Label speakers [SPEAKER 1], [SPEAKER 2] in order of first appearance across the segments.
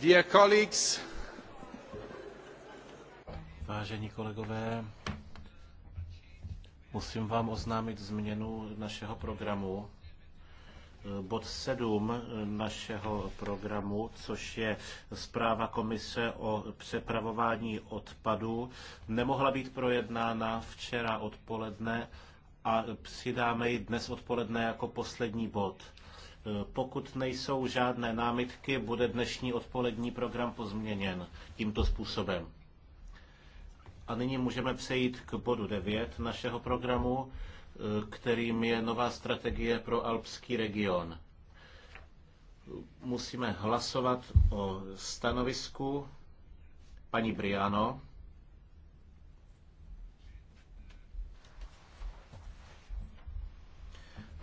[SPEAKER 1] Dear colleagues, Vážení kolegové, musím vám oznámit změnu našeho programu. Bod 7 našeho programu, což je zpráva komise o přepravování odpadu, nemohla být projednána včera odpoledne a přidáme ji dnes odpoledne jako poslední bod pokud nejsou žádné námitky, bude dnešní odpolední program pozměněn tímto způsobem. A nyní můžeme přejít k bodu 9 našeho programu, e, kterým je nová strategie pro alpský region. Musíme hlasovat o stanovisku paní Briano.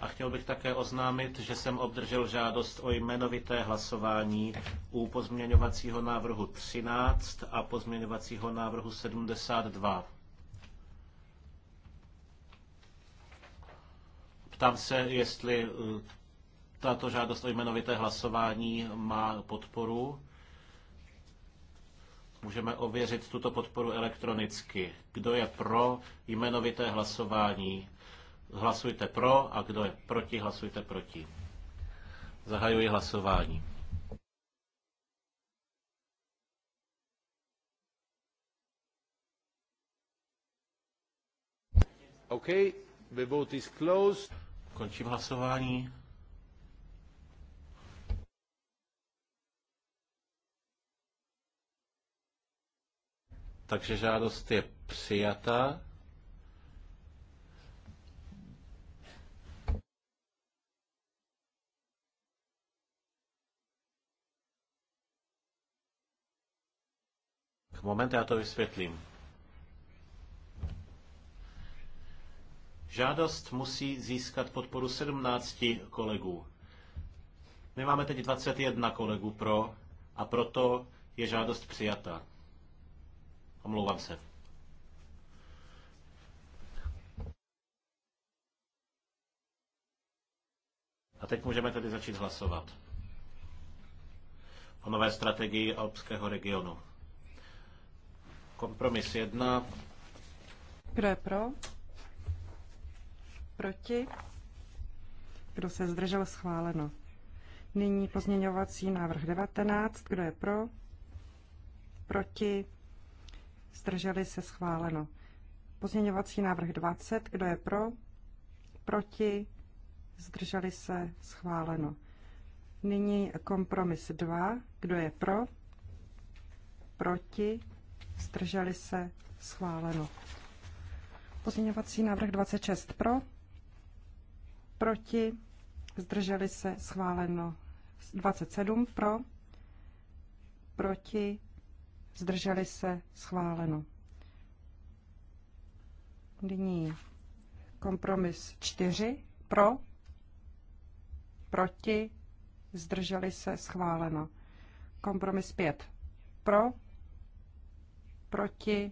[SPEAKER 1] A chtěl bych také oznámit, že jsem obdržel žádost o jmenovité hlasování u pozměňovacího návrhu 13 a pozměňovacího návrhu 72. Ptám se, jestli eh, tato žádost o jmenovité hlasování má podporu. Můžeme ověřit tuto podporu elektronicky. Kdo je pro jmenovité hlasování hlasujte pro a kdo je proti, hlasujte proti. Zahajuji hlasování. OK, the vote is closed. Končím hlasování. Takže žádost je přijata. moment, já to vysvětlím. Žádost musí získat podporu 17 kolegů. My máme teď 21 kolegů pro a proto je žádost přijata. Omlouvám se. A teď můžeme tedy začít hlasovat o nové strategii alpského regionu. Kompromis jedna.
[SPEAKER 2] Kdo je pro? Proti? Kdo se zdržel? Schváleno. Nyní pozměňovací návrh 19. Kdo je pro? Proti? Zdrželi se? Schváleno. Pozměňovací návrh 20. Kdo je pro? Proti? Zdrželi se? Schváleno. Nyní kompromis 2. Kdo je pro? Proti? zdrželi se, schváleno. Pozměňovací návrh 26 pro, proti, zdrželi se, schváleno. 27 pro, proti, zdrželi se, schváleno. Nyní kompromis 4 pro, proti, zdrželi se, schváleno. Kompromis 5 pro, proti,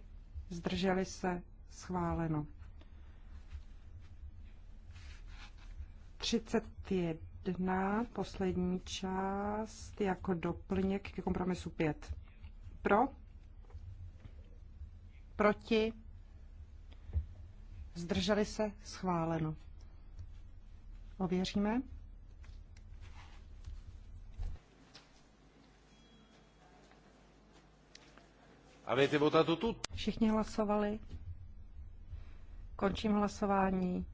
[SPEAKER 2] zdrželi se, schváleno. 31, poslední část, jako doplněk ke kompromisu 5. Pro, proti, zdrželi se, schváleno. Ověříme.
[SPEAKER 1] Avete votato tutti?
[SPEAKER 2] Všichni hlasovali. Končím hlasování.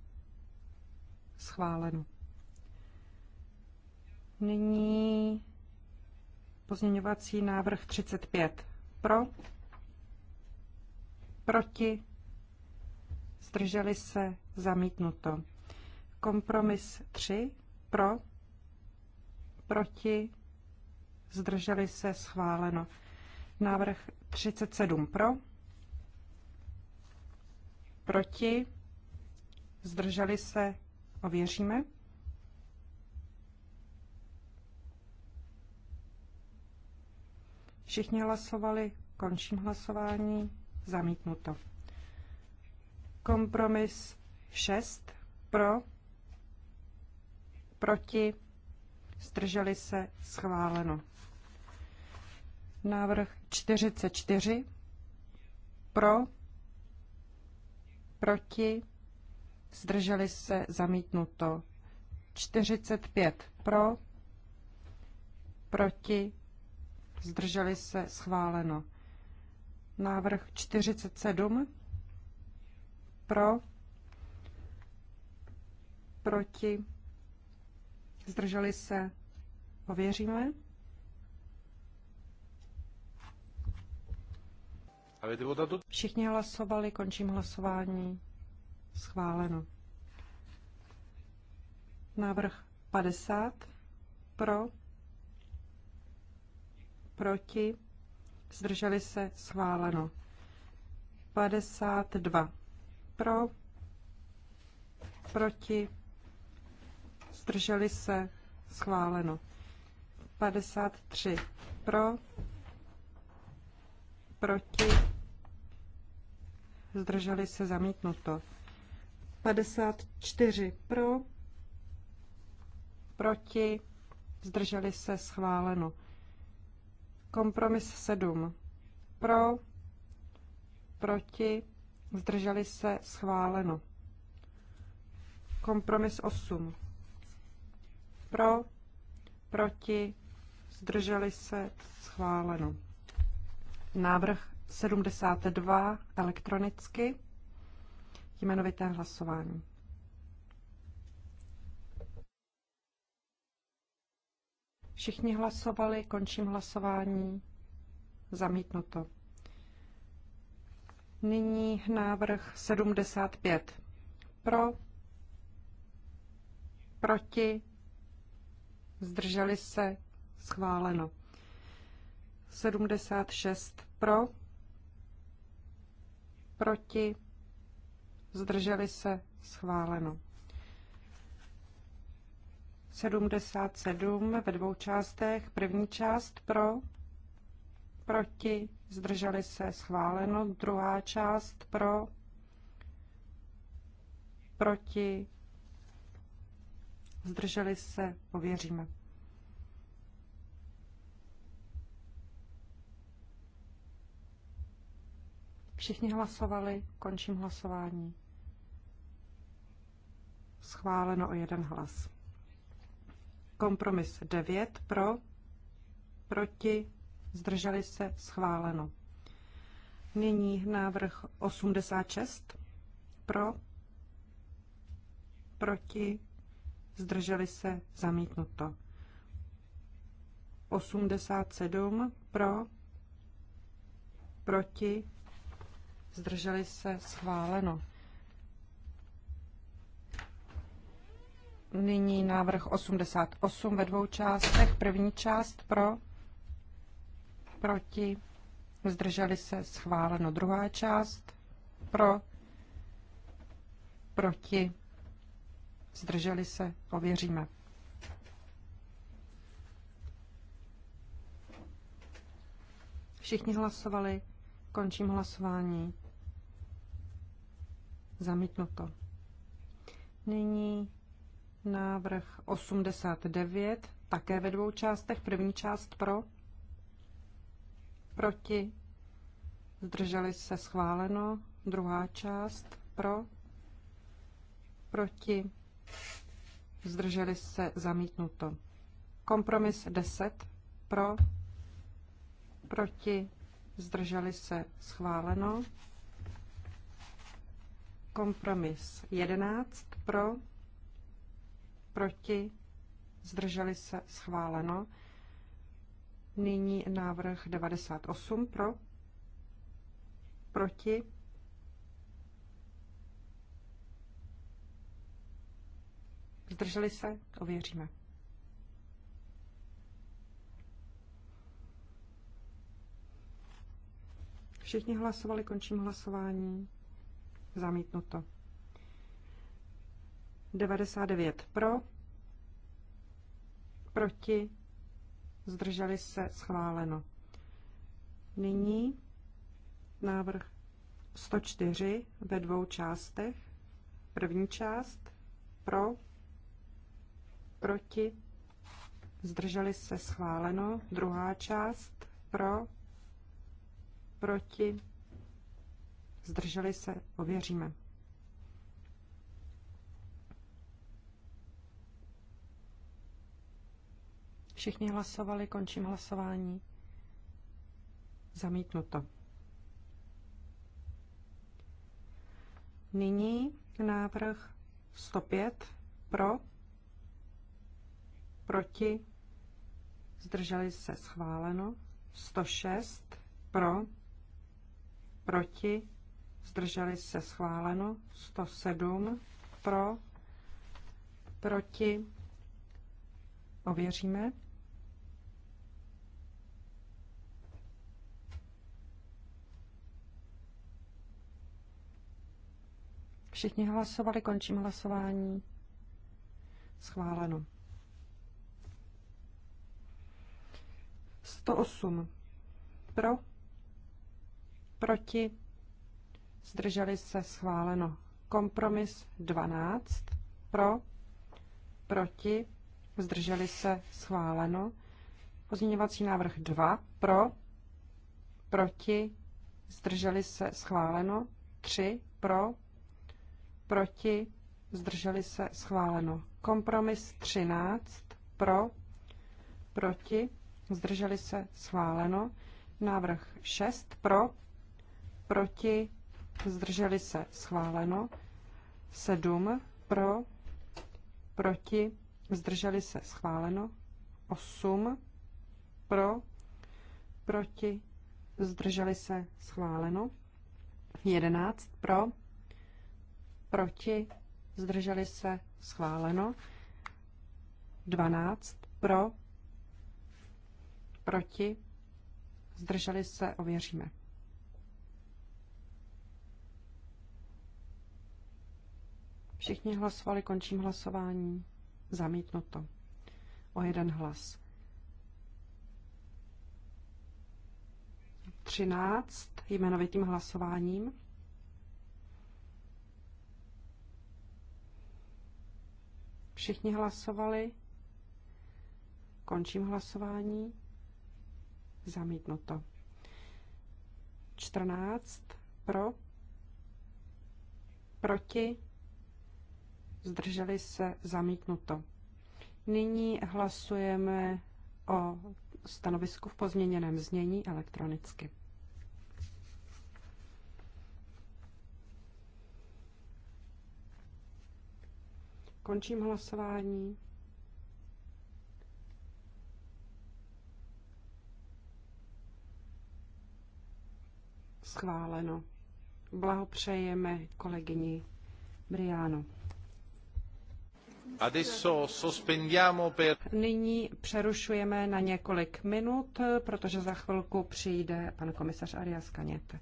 [SPEAKER 2] Schváleno. Nyní pozměňovací návrh 35. Pro? Proti? Zdrželi se? Zamítnuto. Kompromis 3. Pro? Proti? Zdrželi se? Schváleno. Návrh 37 pro, proti, zdrželi se, ověříme. Všichni hlasovali, končím hlasování, zamítnuto. Kompromis 6 pro, proti, zdrželi se, schváleno. Návrh 44 pro, proti, zdrželi se, zamítnuto. 45 pro, proti, zdrželi se, schváleno. Návrh 47 pro, proti, zdrželi se, ověříme. Všichni hlasovali, končím hlasování. Schváleno. Návrh 50. Pro. Proti. Zdrželi se. Schváleno. 52. Pro. Proti. Zdrželi se. Schváleno. 53. Pro proti, zdrželi se zamítnuto. 54 pro, proti, zdrželi se schváleno. Kompromis 7 pro, proti, zdrželi se schváleno. Kompromis 8 pro, proti, zdrželi se schváleno. Návrh 72 elektronicky. Jmenovité hlasování. Všichni hlasovali, končím hlasování. Zamítnuto. Nyní návrh 75. Pro, proti, zdrželi se, schváleno. 76 pro? Proti? Zdrželi se? Schváleno. 77 ve dvou částech. První část pro, proti, zdrželi se, schváleno. Druhá část pro, proti, zdrželi se, pověříme. Všichni hlasovali, končím hlasování. Schváleno o jeden hlas. Kompromis 9 pro, proti, zdrželi se, schváleno. Nyní návrh 86 pro, proti, zdrželi se, zamítnuto. 87 pro, proti, zdrželi se, schváleno. Nyní návrh 88 ve dvou částech. První část pro, proti, zdrželi se, schváleno. Druhá část pro, proti, zdrželi se, ověříme. Všichni hlasovali, končím hlasování. Zamítnuto. Nyní návrh 89, také ve dvou částech. První část pro, proti, zdrželi se schváleno. Druhá část pro, proti, zdrželi se zamítnuto. Kompromis 10 pro, proti, zdrželi se schváleno. Kompromis 11 pro, proti, zdrželi se, schváleno. Nyní návrh 98 pro, proti, zdrželi se, ověříme. Všichni hlasovali, končím hlasování. Zamítnuto. 99 pro, proti, zdrželi se, schváleno. Nyní návrh 104 ve dvou částech. První část pro, proti, zdrželi se, schváleno. Druhá část pro, proti, zdrželi se, ověříme. Všichni hlasovali, končím hlasování. Zamítnuto. Nyní návrh 105 pro, proti, zdrželi se schváleno, 106 pro, proti, zdrželi se schváleno, 107 pro, proti, ověříme. Všichni hlasovali, končím hlasování. Schváleno. 108 pro, proti, zdrželi se schváleno. Kompromis 12 pro, proti, zdrželi se schváleno. Pozměňovací návrh 2 pro, proti, zdrželi se schváleno. 3 pro, proti, zdrželi se schváleno. Kompromis 13 pro, proti, zdrželi se schváleno. Návrh 6 pro, proti, zdrželi se schváleno, 7 pro, proti, zdrželi se schváleno, 8 pro, proti, zdrželi se schváleno, 11 pro, proti, zdrželi se schváleno, 12 pro, proti, zdrželi se, ověříme. Všichni hlasovali, končím hlasování. Zamítnuto. O jeden hlas. 13 jmenovitým hlasováním. Všichni hlasovali. Končím hlasování. Zamítnuto. 14 pro, proti, zdrželi se, zamítnuto. Nyní hlasujeme o stanovisku v pozměněném znění elektronicky. Končím hlasování. Schváleno. Blahopřejeme kolegyni Briánu. Nyní přerušujeme na několik minut, protože za chvilku přijde pan komisař Arias Kaněte.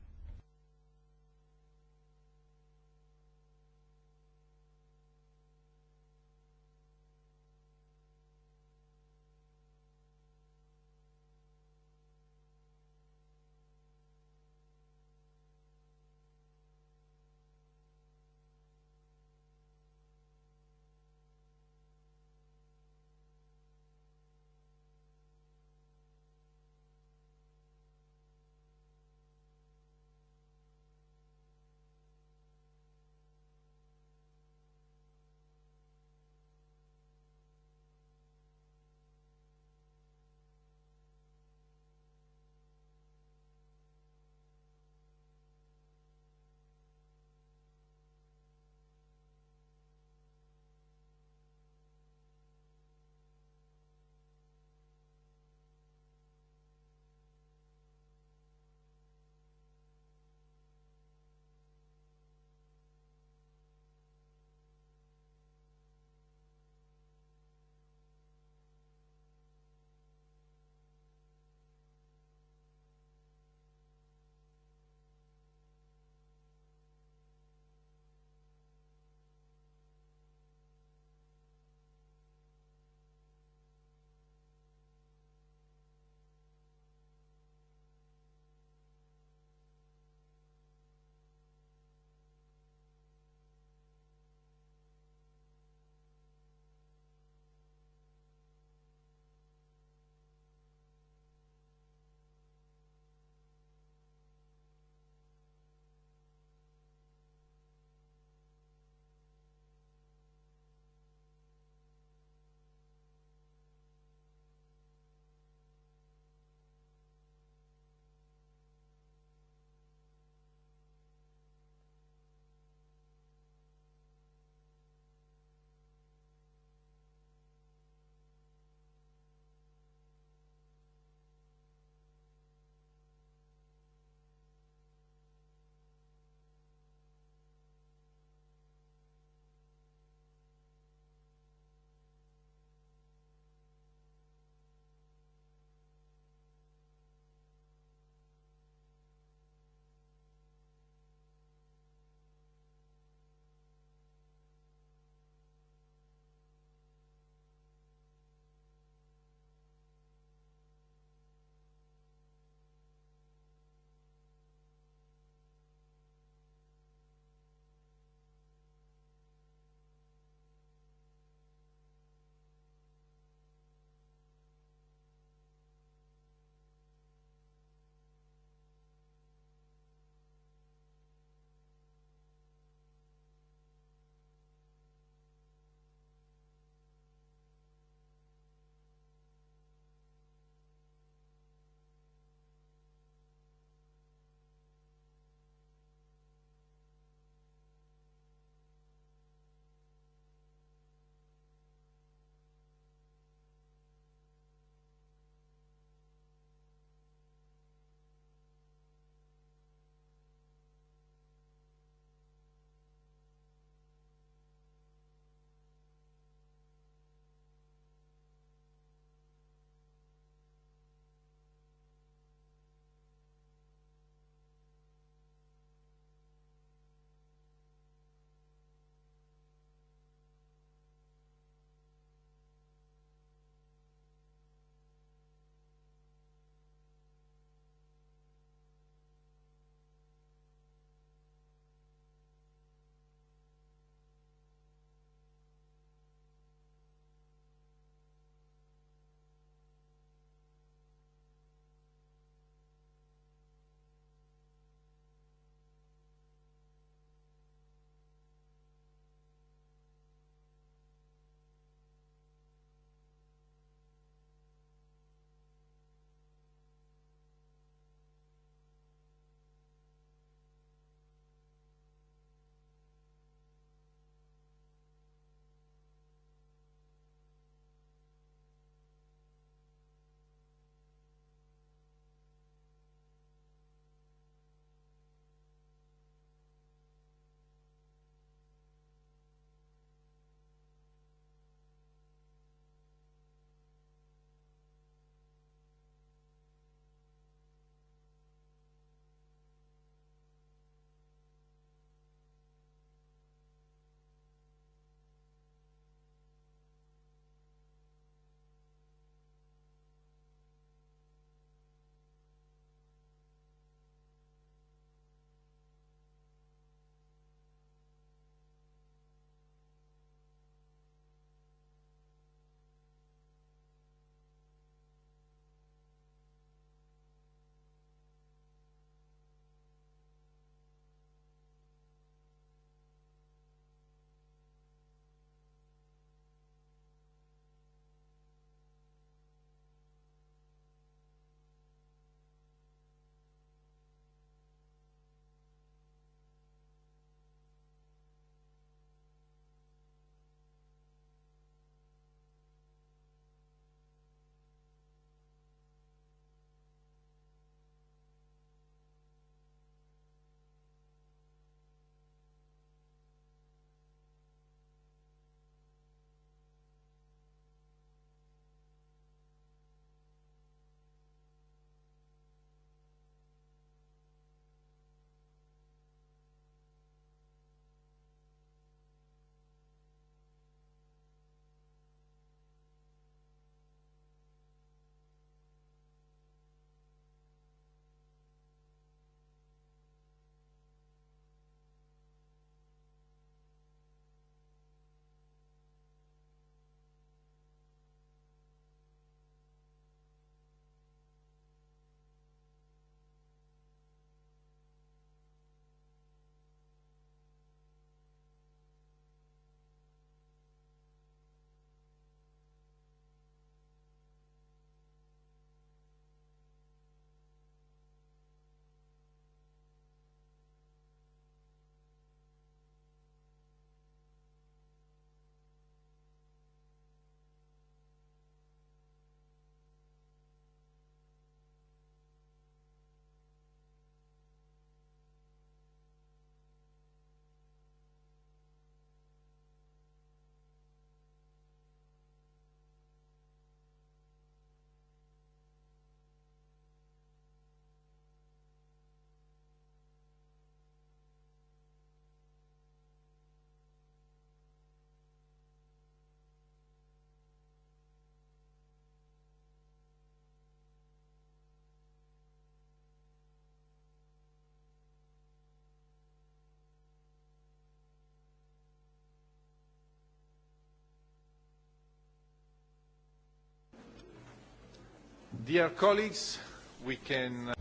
[SPEAKER 1] Dear colleagues, we can...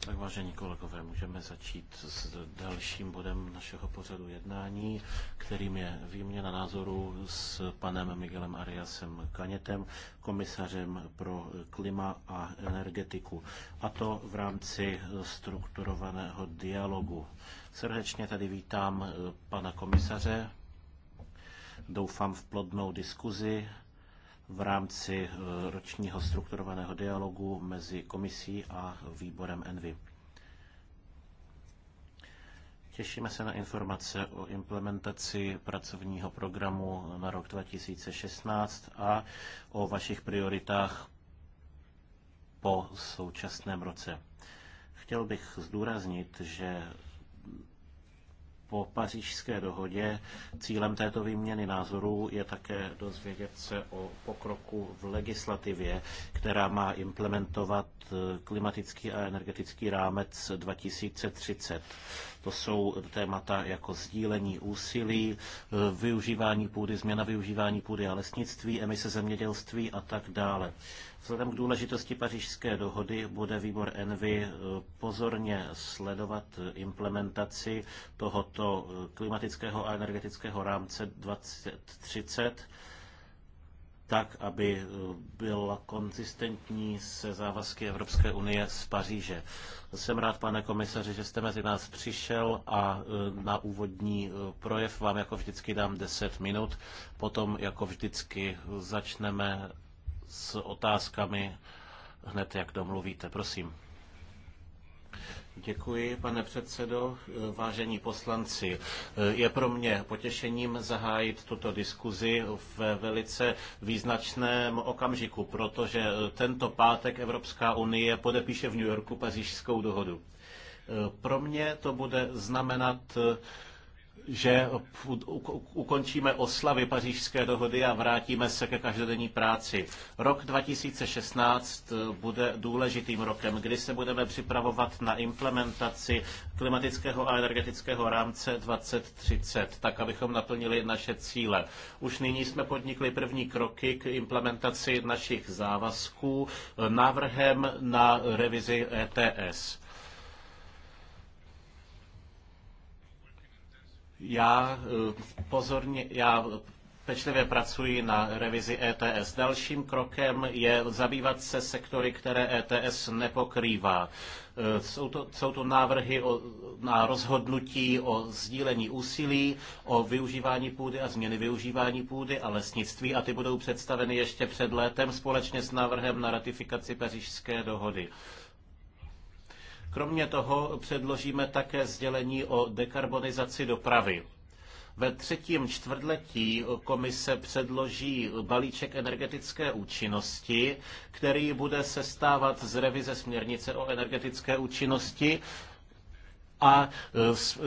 [SPEAKER 1] Tak vážení kolegové, můžeme začít s dalším bodem našeho pořadu jednání, kterým je výměna názoru s panem Miguelem Ariasem Kanětem, komisařem pro klima a energetiku. A to v rámci strukturovaného dialogu. Srdečně tady vítám pana komisaře. Doufám v plodnou diskuzi v rámci eh, ročního strukturovaného dialogu mezi komisí a výborem Envy. Těšíme se na informace o implementaci pracovního programu na rok 2016 a o vašich prioritách po současném roce. Chtěl bych zdůraznit, že po pařížské dohodě. Cílem této výměny názorů je také dozvědět se o pokroku v legislativě, která má implementovat eh, klimatický a energetický rámec 2030. To jsou témata jako sdílení úsilí, e, využívání půdy, změna využívání půdy a lesnictví, emise zemědělství a tak dále. Vzhledem k důležitosti pařížské dohody bude výbor Envy e, pozorně sledovat implementaci tohoto e, klimatického a energetického rámce 2030 tak, aby eh, byl konzistentní se závazky Evropské unie z Paříže. Jsem rád, pane komisaři, že jste mezi nás přišel a eh, na úvodní eh, projev vám jako vždycky dám 10 minut. Potom jako vždycky začneme s otázkami hned, jak domluvíte. Prosím. Děkuji, pane předsedo. Vážení poslanci, je pro mě potěšením zahájit tuto diskuzi ve velice význačném okamžiku, protože tento pátek Evropská unie podepíše v New Yorku pařížskou dohodu. Pro mě to bude znamenat že ukončíme oslavy pařížské dohody a vrátíme se ke každodenní práci. Rok 2016 eh, bude důležitým rokem, kdy se budeme připravovat na implementaci klimatického a energetického rámce 2030, tak abychom naplnili naše cíle. Už nyní jsme podnikli první kroky k implementaci našich závazků eh, návrhem na revizi ETS. Já eh, pozorně, já pečlivě pracuji na revizi ETS. Dalším krokem je zabývat se sektory, které ETS nepokrývá. Eh, jsou to, jsou to návrhy o, na rozhodnutí o sdílení úsilí, o využívání půdy a změny využívání půdy a lesnictví a ty budou představeny ještě před létem společně s návrhem na ratifikaci pařížské dohody. Kromě toho předložíme také sdělení o dekarbonizaci dopravy. Ve třetím čtvrtletí komise předloží balíček energetické účinnosti, který bude sestávat z revize směrnice o energetické účinnosti, a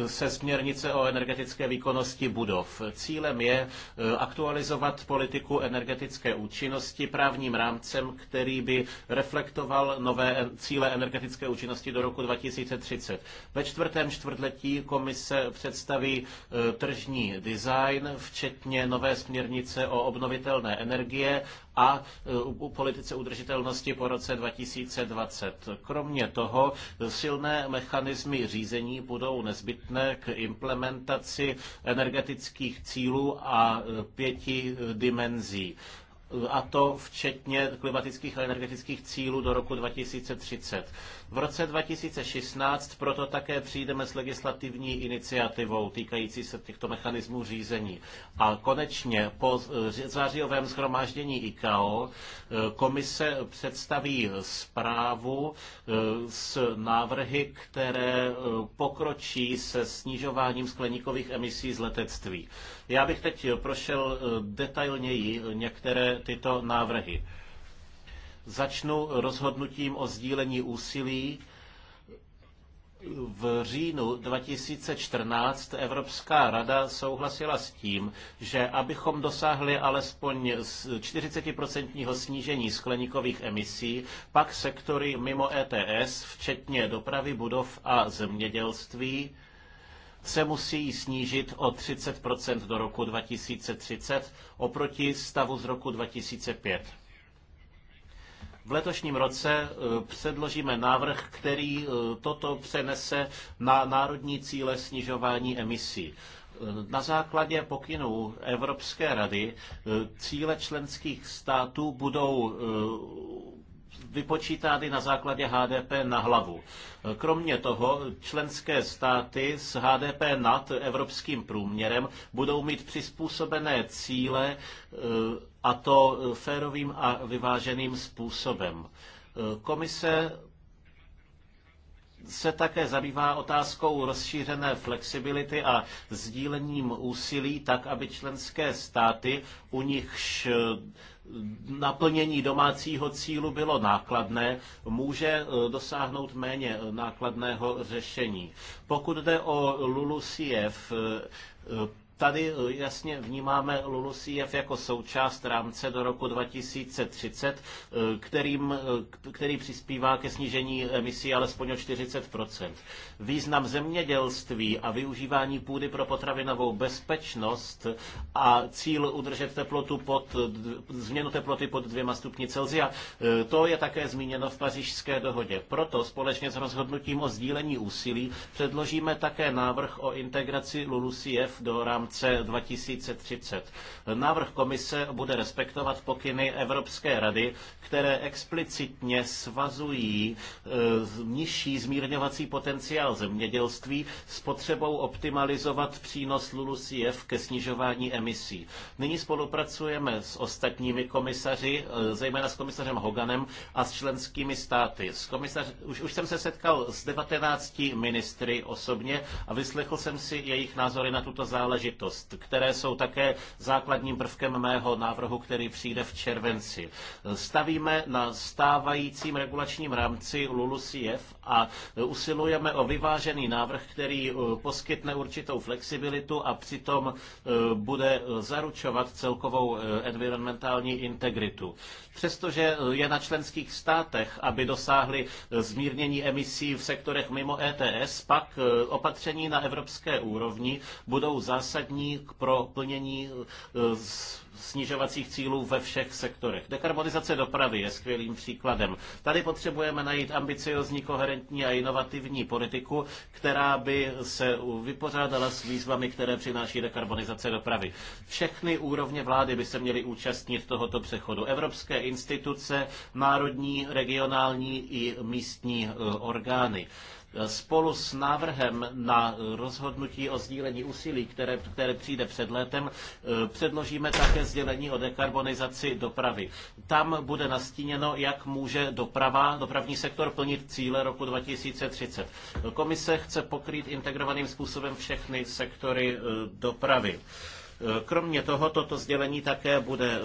[SPEAKER 1] e, se směrnice o energetické výkonnosti budov. Cílem je e, aktualizovat politiku energetické účinnosti právním rámcem, který by reflektoval nové e, cíle energetické účinnosti do roku 2030. Ve čtvrtém čtvrtletí komise představí tržní design, včetně nové směrnice o obnovitelné energie a e, politice udržitelnosti po roce 2020. Kromě toho silné mechanismy řízení budou nezbytné k implementaci energetických cílů a e, pěti e, dimenzí a to včetně klimatických a energetických cílů do roku 2030. V roce 2016 proto také přijdeme s legislativní iniciativou týkající se těchto mechanismů řízení. A konečně po zářijovém schromáždění ICAO e, komise představí zprávu e, s návrhy, které e, pokročí se snižováním skleníkových emisí z letectví. Já bych teď prošel detailněji některé tyto návrhy. Začnu rozhodnutím o sdílení úsilí. V říjnu 2014 Evropská rada souhlasila s tím, že abychom dosáhli alespoň 40% snížení skleníkových emisí, pak sektory mimo ETS, včetně dopravy budov a zemědělství, se musí snížit o 30 do roku 2030 oproti stavu z roku 2005. V letošním roce eh, předložíme návrh, který eh, toto přenese na národní cíle snižování emisí. Eh, na základě pokynů Evropské rady cíle členských států budou vypočítány na základě HDP na hlavu. Kromě toho členské státy s HDP nad evropským průměrem budou mít přizpůsobené cíle a to eh, férovým a vyváženým způsobem. Eh, komise se také zabývá otázkou rozšířené flexibility a sdílením úsilí tak, aby členské státy, u nichž eh, naplnění domácího cílu bylo nákladné, může dosáhnout méně nákladného řešení. Pokud jde o LULUCF, Tady eh, jasně vnímáme LULUCF jako součást rámce do roku 2030, eh, kterým, eh, který přispívá ke snížení emisí alespoň o 40 Význam zemědělství a využívání půdy pro potravinovou bezpečnost a cíl udržet teplotu pod, změnu teploty pod dvěma stupni Celsia, to je také zmíněno v pařížské dohodě. Proto společně s rozhodnutím o sdílení úsilí předložíme také návrh o integraci LULUCF do rámce rámce 2030. Návrh komise bude respektovat pokyny Evropské rady, které explicitně svazují eh, nižší zmírňovací potenciál zemědělství s potřebou optimalizovat přínos LULUCF ke snižování emisí. Nyní spolupracujeme s ostatními komisaři, eh, zejména s komisařem Hoganem a s členskými státy. S komisař, už, už jsem se setkal s 19 ministry osobně a vyslechl jsem si jejich názory na tuto záležitost záležitost, které jsou také základním prvkem mého návrhu, který přijde v červenci. Stavíme na stávajícím regulačním rámci LULUCF a usilujeme o vyvážený návrh, který eh, poskytne určitou flexibilitu a přitom eh, bude zaručovat celkovou eh, environmentální integritu přestože eh, je na členských státech, aby dosáhli eh, zmírnění emisí v sektorech mimo ETS, pak eh, opatření na evropské úrovni budou zásadní pro plnění snižovacích cílů ve všech sektorech. Dekarbonizace dopravy je skvělým příkladem. Tady potřebujeme najít ambiciozní, koherentní a inovativní politiku, která by se vypořádala s výzvami, které přináší dekarbonizace dopravy. Všechny úrovně vlády by se měly účastnit tohoto přechodu. Evropské instituce, národní, regionální i místní eh, orgány. Spolu s návrhem na rozhodnutí o sdílení úsilí, které, které přijde před létem, eh, předložíme také sdělení o dekarbonizaci dopravy. Tam bude nastíněno, jak může doprava, dopravní sektor plnit cíle roku 2030. Komise chce pokrýt integrovaným způsobem všechny sektory eh, dopravy. Eh, kromě toho toto sdělení také bude eh,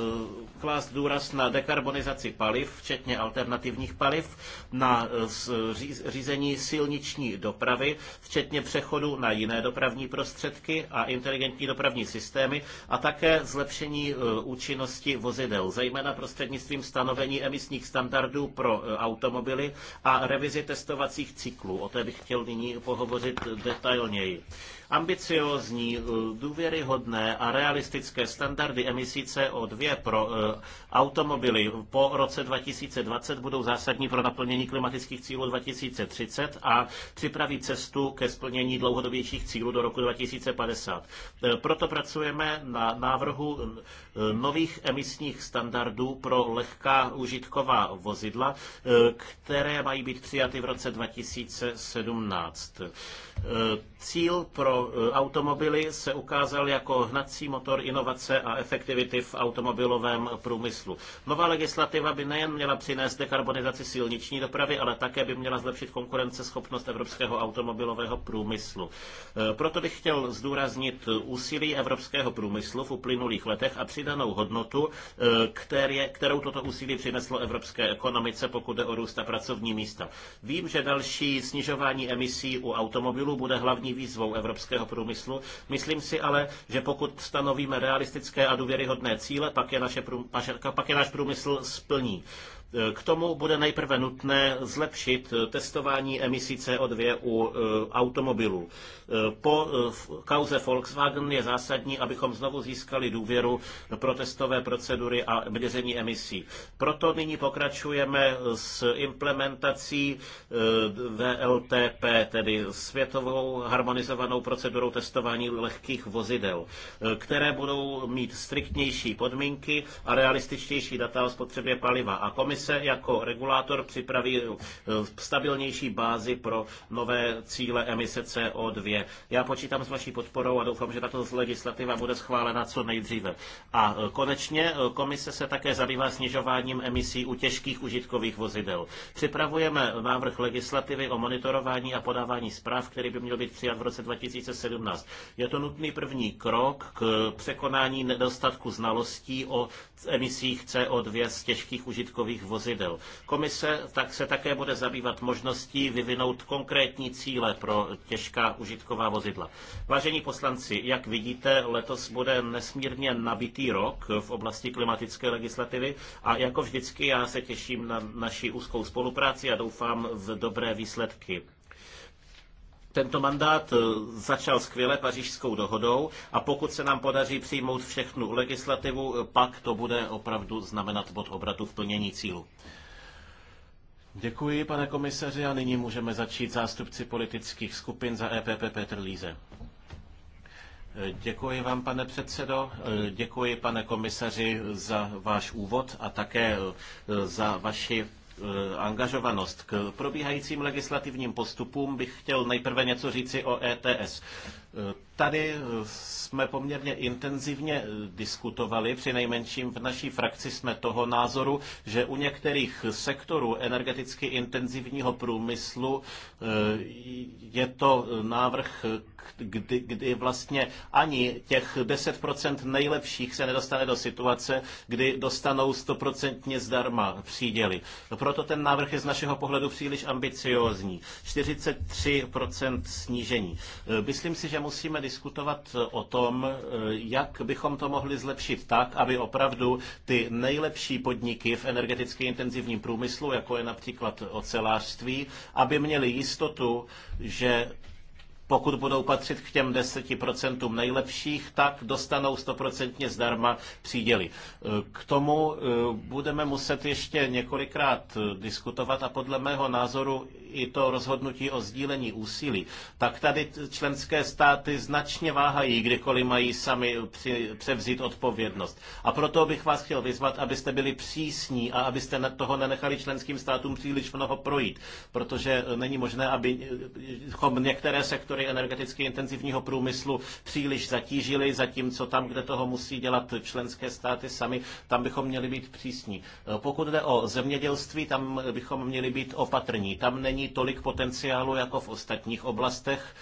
[SPEAKER 1] klást důraz na dekarbonizaci paliv, včetně alternativních paliv, na eh, řízení silniční dopravy, včetně přechodu na jiné dopravní prostředky a inteligentní dopravní systémy a také zlepšení účinnosti vozidel, zejména prostřednictvím stanovení emisních standardů pro automobily a revizi testovacích cyklů. O té bych chtěl nyní pohovořit detailněji. Ambiciózní, eh, důvěryhodné a realistické standardy emisí CO2 pro eh, automobily po roce 2020 budou zásadní pro naplnění klimatických cílů 2030 a připraví cestu ke splnění dlouhodobějších cílů do roku 2050. Eh, proto pracujeme na návrhu nových emisních standardů pro lehká užitková vozidla, které mají být přijaty v roce 2017. Cíl pro E, automobily se ukázal jako hnací motor inovace a efektivity v automobilovém průmyslu. Nová legislativa by nejen měla přinést dekarbonizaci silniční dopravy, ale také by měla zlepšit konkurenceschopnost evropského automobilového průmyslu. E, proto bych chtěl zdůraznit úsilí evropského průmyslu v uplynulých letech a přidanou hodnotu, e, které, kterou toto úsilí přineslo evropské ekonomice, pokud jde o růst a pracovní místa. Vím, že další snižování emisí u automobilů bude hlavní výzvou Evropské evropského průmyslu. Myslím si ale, že pokud stanovíme realistické a důvěryhodné cíle, pak je, naše, pak je náš průmysl splní. K tomu bude nejprve nutné zlepšit testování emisí CO2 u e, automobilů. E, po e, kauze Volkswagen je zásadní, abychom znovu získali důvěru pro testové procedury a měření emisí. Proto nyní pokračujeme s implementací VLTP, tedy světovou harmonizovanou procedurou testování lehkých vozidel, které budou mít striktnější podmínky a realističtější data o spotřebě paliva. A komise komise jako regulátor připraví eh, stabilnější bázi pro nové cíle emise CO2. Já počítám s vaší podporou a doufám, že tato legislativa bude schválena co nejdříve. A eh, konečně eh, komise se také zabývá snižováním emisí u těžkých užitkových vozidel. Připravujeme návrh legislativy o monitorování a podávání zpráv, který by měl být přijat v roce 2017. Je to nutný první krok k překonání nedostatku znalostí o emisích CO2 z těžkých užitkových nákladních vozidel. Komise tak se také bude zabývat možností vyvinout konkrétní cíle pro těžká užitková vozidla. Vážení poslanci, jak vidíte, letos bude nesmírně nabitý rok v oblasti klimatické legislativy a jako vždycky já se těším na naši úzkou spolupráci a doufám v dobré výsledky. Tento mandát eh, začal skvěle pařížskou dohodou a pokud se nám podaří přijmout všechnu legislativu, eh, pak to bude opravdu znamenat bod obratu v plnění cílu. Děkuji, pane komisaři, a nyní můžeme začít zástupci politických skupin za EPP Petr Líze. Eh, děkuji vám, pane předsedo, děkuji, pane komisaři, za váš úvod a také za vaši Eh, angažovanost. K probíhajícím legislativním postupům bych chtěl nejprve něco říci o ETS. Tady eh, jsme poměrně intenzivně eh, diskutovali, při nejmenším v naší frakci jsme toho názoru, že u některých sektorů energeticky intenzivního průmyslu eh, je to návrh, kdy, kdy vlastně ani těch 10% nejlepších se nedostane do situace, kdy dostanou 100% zdarma příděly. Proto ten návrh je z našeho pohledu příliš ambiciózní. 43% snížení. Myslím si, že musíme diskutovat o tom, eh, jak bychom to mohli zlepšit tak, aby opravdu ty nejlepší podniky v energeticky intenzivním průmyslu, jako je například ocelářství, aby měli jistotu, že pokud budou patřit k těm 10% nejlepších, tak dostanou 100% zdarma příděly. K tomu eh, budeme muset ještě několikrát diskutovat a podle mého názoru i to rozhodnutí o sdílení úsilí, tak tady členské státy značně váhají, kdykoliv mají sami převzít odpovědnost. A proto bych vás chtěl vyzvat, abyste byli přísní a abyste toho nenechali členským státům příliš mnoho projít, protože eh, není možné, abychom eh, některé sektory sektory energeticky intenzivního průmyslu příliš zatížily, zatímco tam, kde toho musí dělat členské státy sami, tam bychom měli být přísní. E, pokud jde o zemědělství, tam bychom měli být opatrní. Tam není tolik potenciálu jako v ostatních oblastech,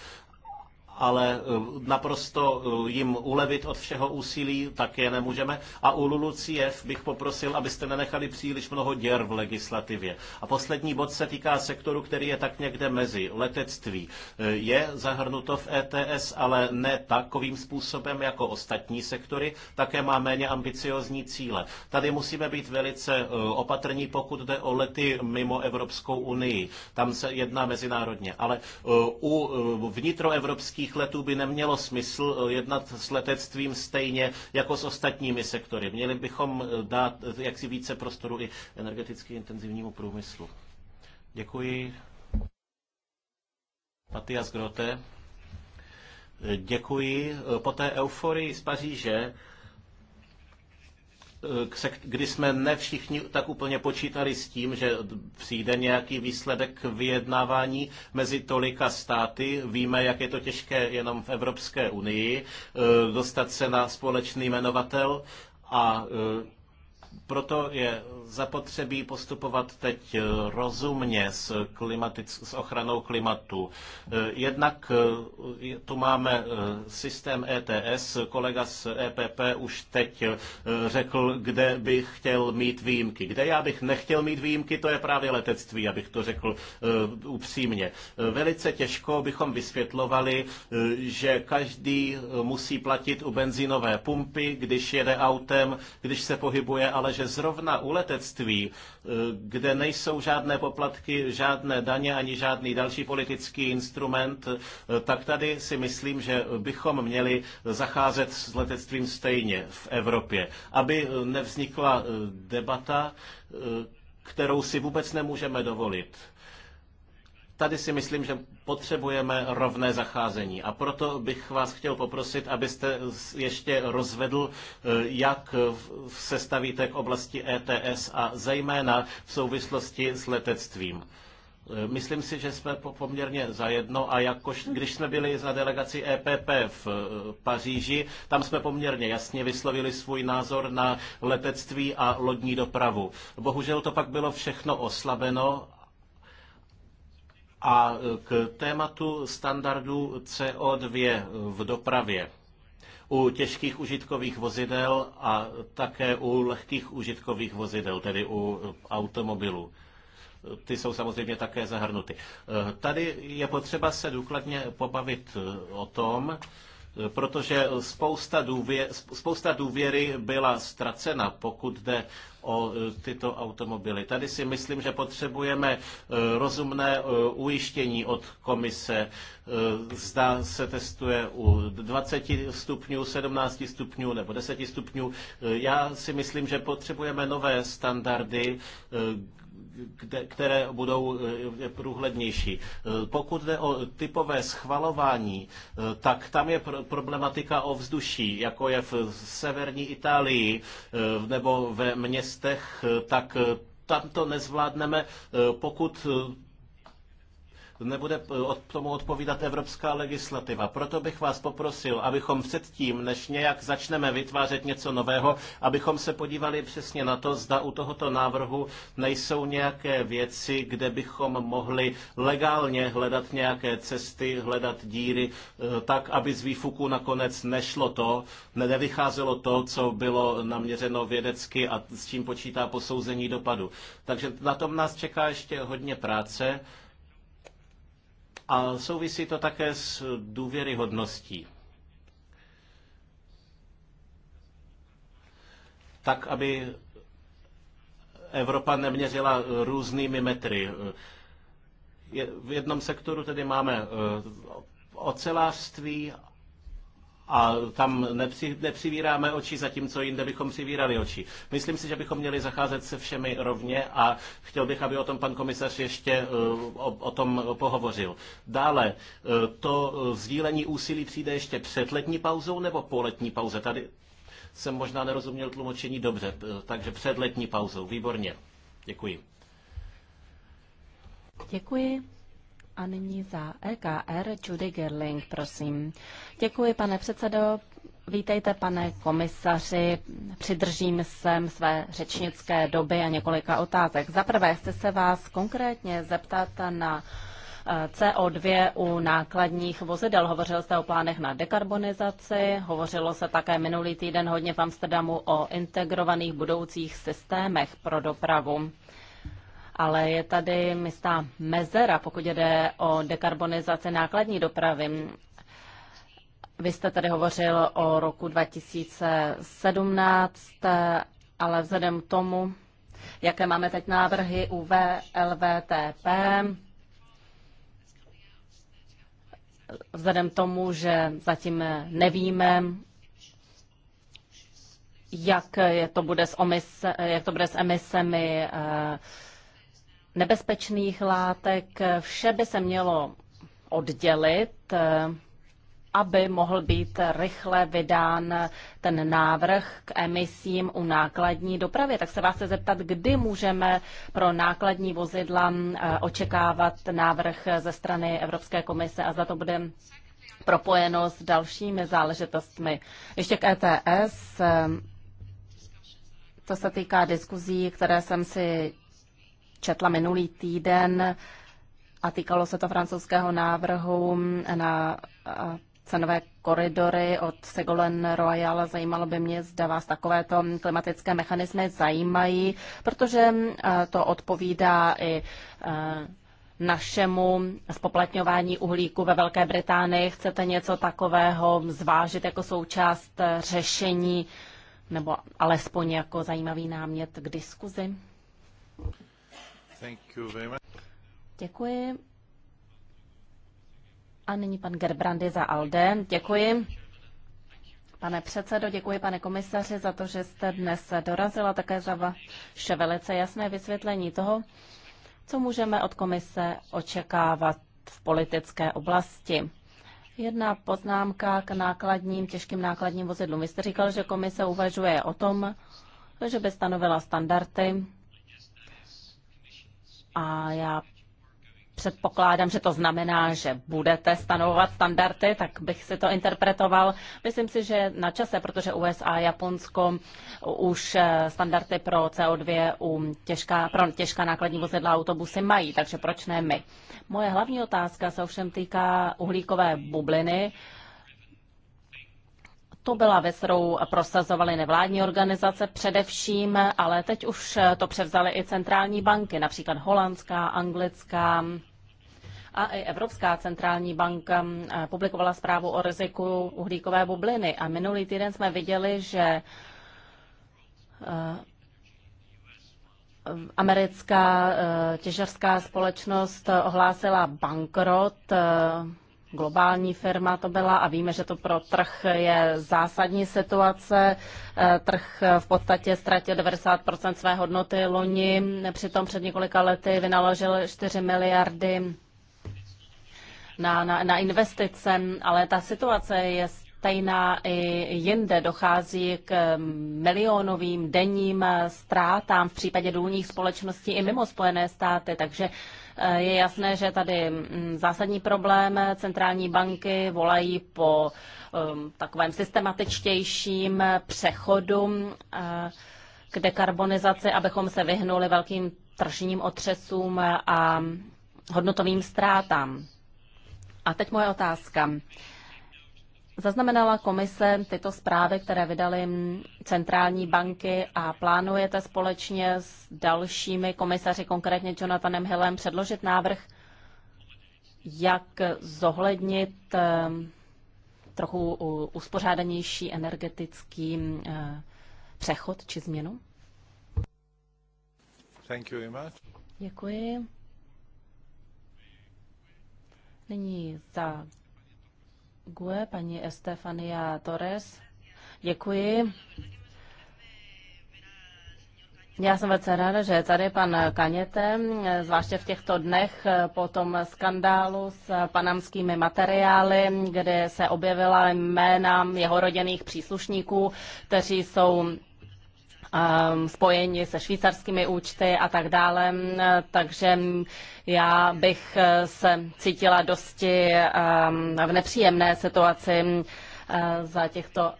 [SPEAKER 1] ale eh, naprosto eh, jim ulevit od všeho úsilí také nemůžeme. A u LULUCF bych poprosil, abyste nenechali příliš mnoho děr v legislativě. A poslední bod se týká sektoru, který je tak někde mezi. Letectví eh, je zahrnuto v ETS, ale ne takovým způsobem jako ostatní sektory. Také má méně ambiciozní cíle. Tady musíme být velice opatrní, pokud jde o lety mimo Evropskou unii. Tam se jedná mezinárodně. Ale u vnitroevropských příštích letů by nemělo smysl eh, jednat s letectvím stejně jako s ostatními sektory. Měli bychom eh, dát eh, jaksi více prostoru i energeticky intenzivnímu průmyslu. Děkuji. Matias Grote. Děkuji. Po té euforii z Paříže kdy jsme ne všichni tak úplně počítali s tím, že přijde nějaký výsledek vyjednávání mezi tolika státy. Víme, jak je to těžké jenom v Evropské unii e, dostat se na společný jmenovatel a e, proto je zapotřebí postupovat teď rozumně s, klimatic, s ochranou klimatu. Eh, jednak eh, tu máme eh, systém ETS. Kolega z EPP už teď řekl, kde bych chtěl mít výjimky. Kde já bych nechtěl mít výjimky, to je právě letectví, abych to řekl upřímně. Velice těžko bychom vysvětlovali, že každý musí platit u benzínové pumpy, když jede autem, když se pohybuje, ale že že zrovna u letectví, eh, kde nejsou žádné poplatky, žádné daně ani žádný další politický instrument, eh, tak tady si myslím, že bychom měli zacházet s letectvím stejně v Evropě, aby eh, nevznikla debata, kterou si vůbec nemůžeme dovolit. Tady si myslím, že potřebujeme rovné zacházení. A proto bych vás chtěl poprosit, abyste ještě rozvedl, eh, jak se stavíte k oblasti ETS a zejména v souvislosti s letectvím. Eh, myslím si, že jsme poměrně zajedno a jakož, když jsme byli za delegaci EPP v eh, Paříži, tam jsme poměrně jasně vyslovili svůj názor na letectví a lodní dopravu. Bohužel to pak bylo všechno oslabeno a e, k tématu standardu CO2 v dopravě u těžkých užitkových vozidel a také u lehkých užitkových vozidel, tedy u e, automobilů. Ty jsou samozřejmě také zahrnuty. E, tady je potřeba se důkladně pobavit o tom, protože spousta, důvě, spousta důvěry byla ztracena, pokud jde o e, tyto automobily. Tady si myslím, že potřebujeme e, rozumné e, ujištění od komise. Zda se testuje u 20 stupňů, 17 stupňů nebo 10 stupňů. Já si myslím, že potřebujeme nové standardy, kde, které budou eh, průhlednější. Eh, pokud jde o typové schvalování, eh, tak tam je problematika ovzduší, jako je v severní Itálii nebo ve městech, tak tam to nezvládneme, pokud nebude eh, od tomu odpovídat evropská legislativa. Proto bych vás poprosil, abychom předtím, než nějak začneme vytvářet něco nového, abychom se podívali přesně na to, zda u tohoto návrhu nejsou nějaké věci, kde bychom mohli legálně hledat nějaké cesty, hledat díry, eh, tak, aby z výfuku nakonec nešlo to, nevycházelo to, co bylo naměřeno vědecky a s čím počítá posouzení dopadu. Takže na tom nás čeká ještě hodně práce. A souvisí to také s důvěryhodností. Tak, aby
[SPEAKER 2] Evropa neměřila
[SPEAKER 1] různými metry. V jednom sektoru tedy máme eh, ocelářství a tam nepři, nepřivíráme oči, za tím, co jinde bychom přivírali oči. Myslím si, že bychom měli zacházet se všemi rovně a chtěl bych, aby o tom pan komisař ještě eh, o, o tom pohovořil. Dále, eh, to eh, sdílení úsilí přijde ještě před letní pauzou nebo po letní pauze? Tady jsem možná nerozuměl tlumočení dobře, takže před letní pauzou. Výborně. Děkuji.
[SPEAKER 3] Děkuji. A nyní za EKR Judy Gerling, prosím. Děkuji, pane předsedo. Vítejte, pane komisaři. Přidržím se své řečnické doby a několika otázek. Za prvé, chci se vás konkrétně zeptat na eh, CO2 u nákladních vozidel. Hovořil jste o plánech na dekarbonizaci, hovořilo se také minulý týden hodně v Amsterdamu o integrovaných budoucích systémech pro dopravu ale je tady místa mezera, pokud jde o dekarbonizaci nákladní dopravy. Vy jste tady hovořil o roku 2017, ale vzhledem k tomu, jaké máme teď návrhy UV, LVTP, vzhledem k tomu, že zatím nevíme, jak je to bude s, omis, jak to bude s emisemi eh, nebezpečných látek. Vše by se mělo oddělit, aby mohl být rychle vydán ten návrh k emisím u nákladní dopravy. Tak se vás chci zeptat, kdy můžeme pro nákladní vozidla eh, očekávat návrh ze strany Evropské komise a za to bude propojeno s dalšími záležitostmi. Ještě k ETS. Eh, to se týká diskuzí, které jsem si četla minulý týden a týkalo se to francouzského návrhu na cenové koridory od Segolen Royal. Zajímalo by mě, zda vás takovéto klimatické mechanismy zajímají, protože to odpovídá i našemu spoplatňování uhlíku ve Velké Británii. Chcete něco takového zvážit jako součást řešení nebo alespoň jako zajímavý námět k diskuzi? Děkuji. A nyní pan Gerbrandy za ALDE. Děkuji. Pane předsedo, děkuji pane komisaři za to, že jste dnes dorazila, také za vaše velice jasné vysvětlení toho, co můžeme od komise očekávat v politické oblasti. Jedna poznámka k nákladním, těžkým nákladním vozidlům. Vy jste říkal, že komise uvažuje o tom, že by stanovila standardy a já předpokládám, že to znamená, že budete stanovovat standardy, tak bych si to interpretoval. Myslím si, že na čase, protože USA a Japonsko už eh, standardy pro CO2 u těžká, pro těžká nákladní vozidla autobusy mají, takže proč ne my? Moje hlavní otázka se ovšem týká uhlíkové bubliny. To byla věc, kterou prosazovaly nevládní organizace především, ale teď už to převzaly i centrální banky, například holandská, anglická a i Evropská centrální banka eh, publikovala zprávu o riziku uhlíkové bubliny. A minulý týden jsme viděli, že eh, americká eh, těžerská společnost ohlásila bankrot globální firma to byla a víme, že to pro trh je zásadní situace. Eh, trh v podstatě ztratil 90% své hodnoty loni, přitom před několika lety vynaložil 4 miliardy na, na, na investice, ale ta situace je stejná i jinde. Dochází k milionovým denním ztrátám v případě důlních společností i mimo Spojené státy, takže Eh, je jasné, že tady mm, zásadní problém centrální banky volají po takovém systematičtějším přechodu eh, k dekarbonizaci, abychom se vyhnuli velkým tržním otřesům a hodnotovým ztrátám. A teď moje otázka. Zaznamenala komise tyto zprávy, které vydaly centrální banky a plánujete společně s dalšími komisaři, konkrétně Jonathanem Hillem, předložit návrh, jak zohlednit ehm, trochu uspořádanější energetický ehm, přechod či změnu?
[SPEAKER 1] Thank you very much.
[SPEAKER 3] Děkuji. Nyní za GUE, paní Estefania Torres. Děkuji. Já jsem velice ráda, že je tady pan Kaněte, zvláště v těchto dnech po tom skandálu s panamskými materiály, kde se objevila jména jeho rodinných příslušníků, kteří jsou Um, spojení se švýcarskými účty a tak dále, takže já bych eh, se cítila dosti um, v nepříjemné situaci eh, za těchto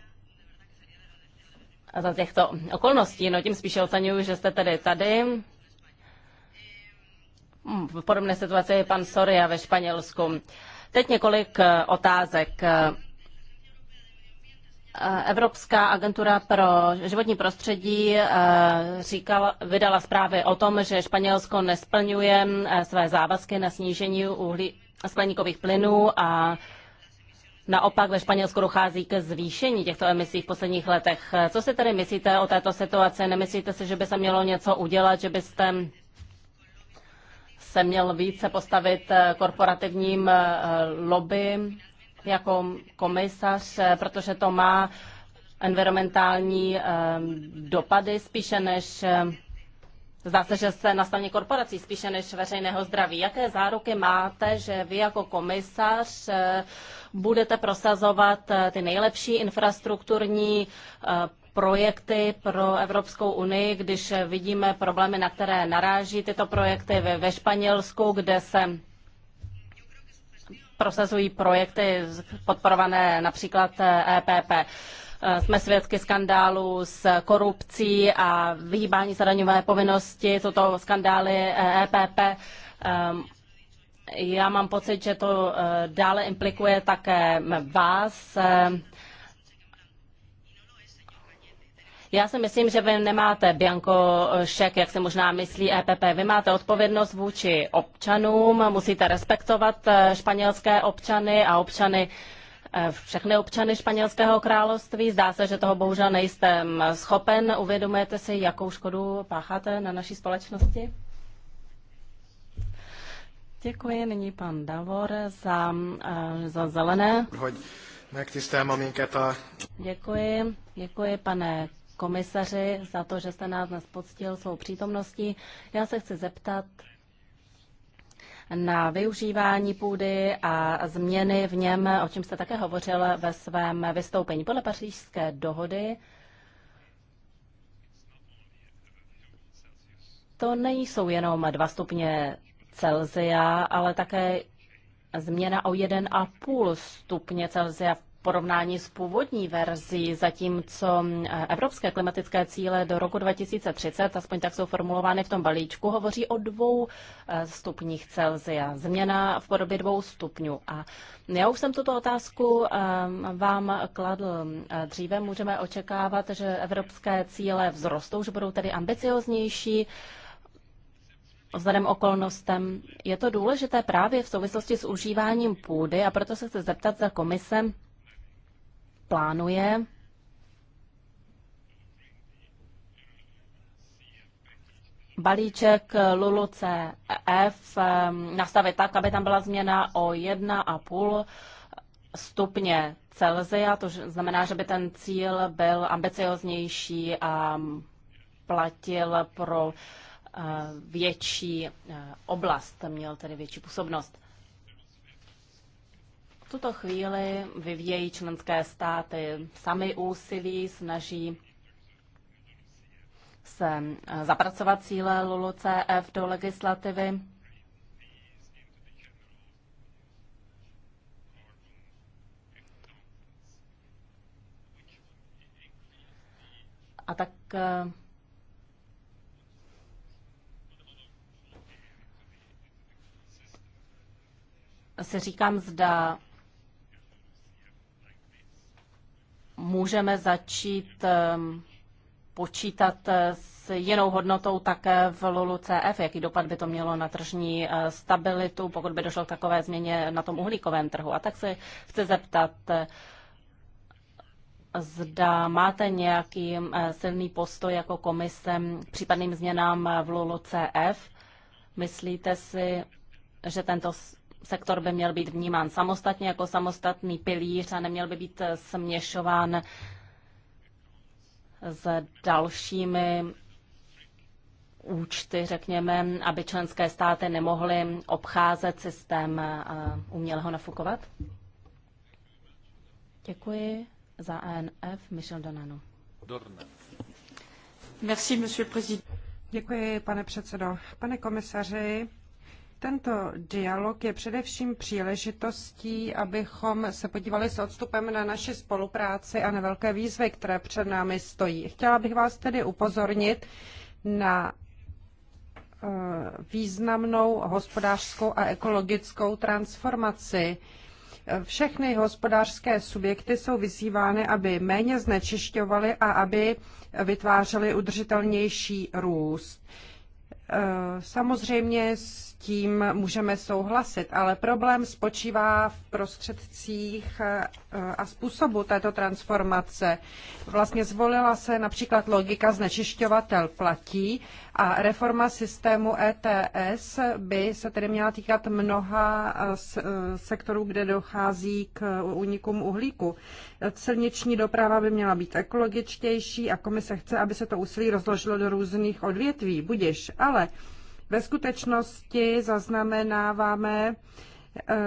[SPEAKER 3] za těchto okolností. No tím spíše oceňuji, že jste tedy tady. V podobné situaci je pan Soria ve Španělsku. Teď několik eh, otázek. Eh, Evropská agentura pro životní prostředí eh, říkala, vydala zprávy o tom, že Španělsko nesplňuje eh, své závazky na snížení uhlí, skleníkových plynů a Naopak ve Španělsku dochází ke zvýšení těchto emisí v posledních letech. Co si tedy myslíte o této situaci? Nemyslíte si, že by se mělo něco udělat, že byste se měl více postavit korporativním lobby? jako komisař, eh, protože to má environmentální eh, dopady spíše než eh, Zdá se, že jste na straně korporací spíše než veřejného zdraví. Jaké záruky máte, že vy jako komisař budete prosazovat ty nejlepší infrastrukturní projekty pro Evropskou unii, když vidíme problémy, na které naráží tyto projekty ve Španělsku, kde se prosazují projekty podporované například EPP. Eh, e eh, jsme svědky skandálu s korupcí a vyhýbání zadaňové povinnosti. Toto skandály EPP eh, e já mám pocit, že to dále implikuje také vás, Já si myslím, že vy nemáte Bianko šek, jak se možná myslí EPP. Vy máte odpovědnost vůči občanům, musíte respektovat eh, španělské občany a občany eh, všechny občany španělského království. Zdá se, že toho bohužel nejste schopen. Uvědomujete si, jakou škodu pácháte na naší společnosti? Děkuji. Nyní pan Davor za, eh, za zelené. Děkuji, děkuji pane komisaři, za to, že jste nás dnes poctil svou přítomností. Já se chci zeptat na využívání půdy a změny v něm, o čem jste také hovořil ve svém vystoupení. Podle pařížské dohody to nejsou jenom dva stupně Celzia, ale také změna o 1,5 stupně Celzia v porovnání s původní verzí, zatímco eh, evropské klimatické cíle do roku 2030, aspoň tak jsou formulovány v tom balíčku, hovoří o dvou eh, stupních Celsia. Změna v podobě dvou stupňů. A já už jsem tuto otázku eh, vám kladl dříve. Můžeme očekávat, že evropské cíle vzrostou, že budou tedy ambicioznější vzhledem okolnostem. Je to důležité právě v souvislosti s užíváním půdy a proto se chci zeptat za komise, plánuje balíček LULU-CF ehm, nastavit tak, aby tam byla změna o 1,5 stupně Celsia, to znamená, že by ten cíl byl ambicioznější a platil pro eh, větší eh, oblast, měl tedy větší působnost tuto chvíli vyvíjejí členské státy sami úsilí, snaží se eh, zapracovat cíle LULUCF do legislativy. A tak eh, si říkám, zda můžeme začít ehm, počítat eh, s jinou hodnotou také v LULU CF? Jaký dopad by to mělo na tržní eh, stabilitu, pokud by došlo k takové změně na tom uhlíkovém trhu? A tak se chci zeptat, eh, zda máte nějaký silný postoj jako komise k případným změnám v LULU CF? Myslíte si, že tento sektor by měl být vnímán samostatně jako samostatný pilíř a neměl by být směšován s dalšími účty, řekněme, aby členské státy nemohly obcházet systém umělého nafukovat? Děkuji
[SPEAKER 2] za ANF Michel Donano. Merci, monsieur Děkuji, pane předsedo. Pane komisaři, tento dialog je především příležitostí, abychom se podívali s odstupem na naši spolupráci a na velké výzvy, které před námi stojí. Chtěla bych vás tedy upozornit na eh, významnou hospodářskou a ekologickou transformaci. Všechny hospodářské subjekty jsou vyzývány, aby méně znečišťovaly a aby vytvářely udržitelnější růst. Eh, samozřejmě s tím můžeme souhlasit, ale problém spočívá v prostředcích eh, a způsobu této transformace. Vlastně zvolila se například logika znečišťovatel platí a reforma systému ETS by se tedy měla týkat mnoha eh, eh, sektorů, kde dochází k unikům uhlíku. Silniční doprava by měla být ekologičtější a komise chce, aby se to úsilí rozložilo do různých odvětví, budiš. Ale ve skutečnosti zaznamenáváme eh,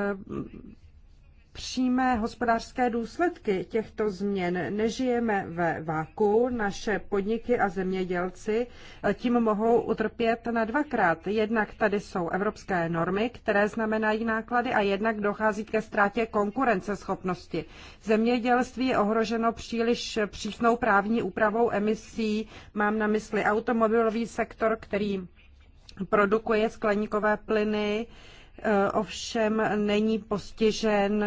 [SPEAKER 2] přímé hospodářské důsledky těchto změn. Nežijeme ve váku, naše podniky a zemědělci eh, tím mohou utrpět na dvakrát. Jednak tady jsou evropské normy, které znamenají náklady a jednak dochází ke ztrátě konkurenceschopnosti. Zemědělství je ohroženo příliš přísnou právní úpravou emisí. Mám na mysli automobilový sektor, který produkuje skleníkové plyny, Eh, ovšem není postižen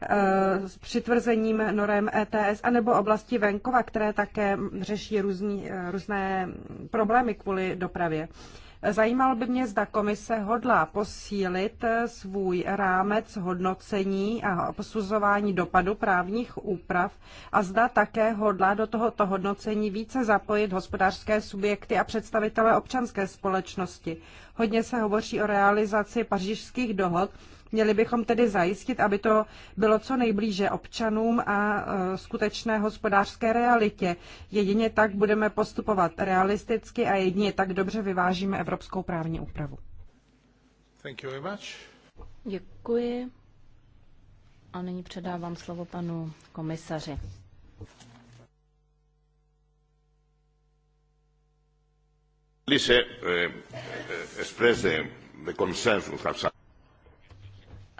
[SPEAKER 2] eh, s přitvrzením norem ETS, anebo oblasti venkova, které také řeší různý, eh, různé problémy kvůli dopravě. Zajímalo by mě, zda komise hodlá posílit eh, svůj rámec hodnocení a posuzování dopadu právních úprav a zda také hodlá do tohoto hodnocení více zapojit hospodářské subjekty a představitele občanské společnosti. Hodně se hovoří o realizaci pařížských dohod, Měli bychom tedy zajistit, aby to bylo co nejblíže občanům a e, skutečné hospodářské realitě. Jedině tak budeme postupovat realisticky a jedině tak dobře vyvážíme evropskou právní úpravu. Thank you very much. Děkuji. A nyní předávám slovo panu komisaři.
[SPEAKER 1] Lise, eh, eh express the, the concerns we have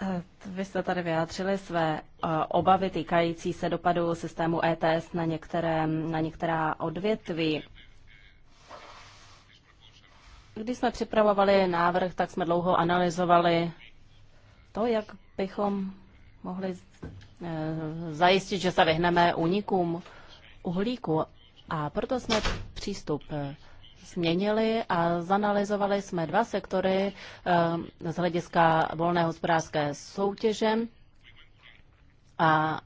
[SPEAKER 3] Eh, vy jste tady vyjádřili své eh, obavy týkající se dopadu systému ETS na, některé, na některá odvětví. Když jsme připravovali návrh, tak jsme dlouho analyzovali to, jak bychom mohli eh, zajistit, že se vyhneme únikům uhlíku. A proto jsme přístup změnili a zanalizovali jsme dva sektory eh, z hlediska volné hospodářské soutěže a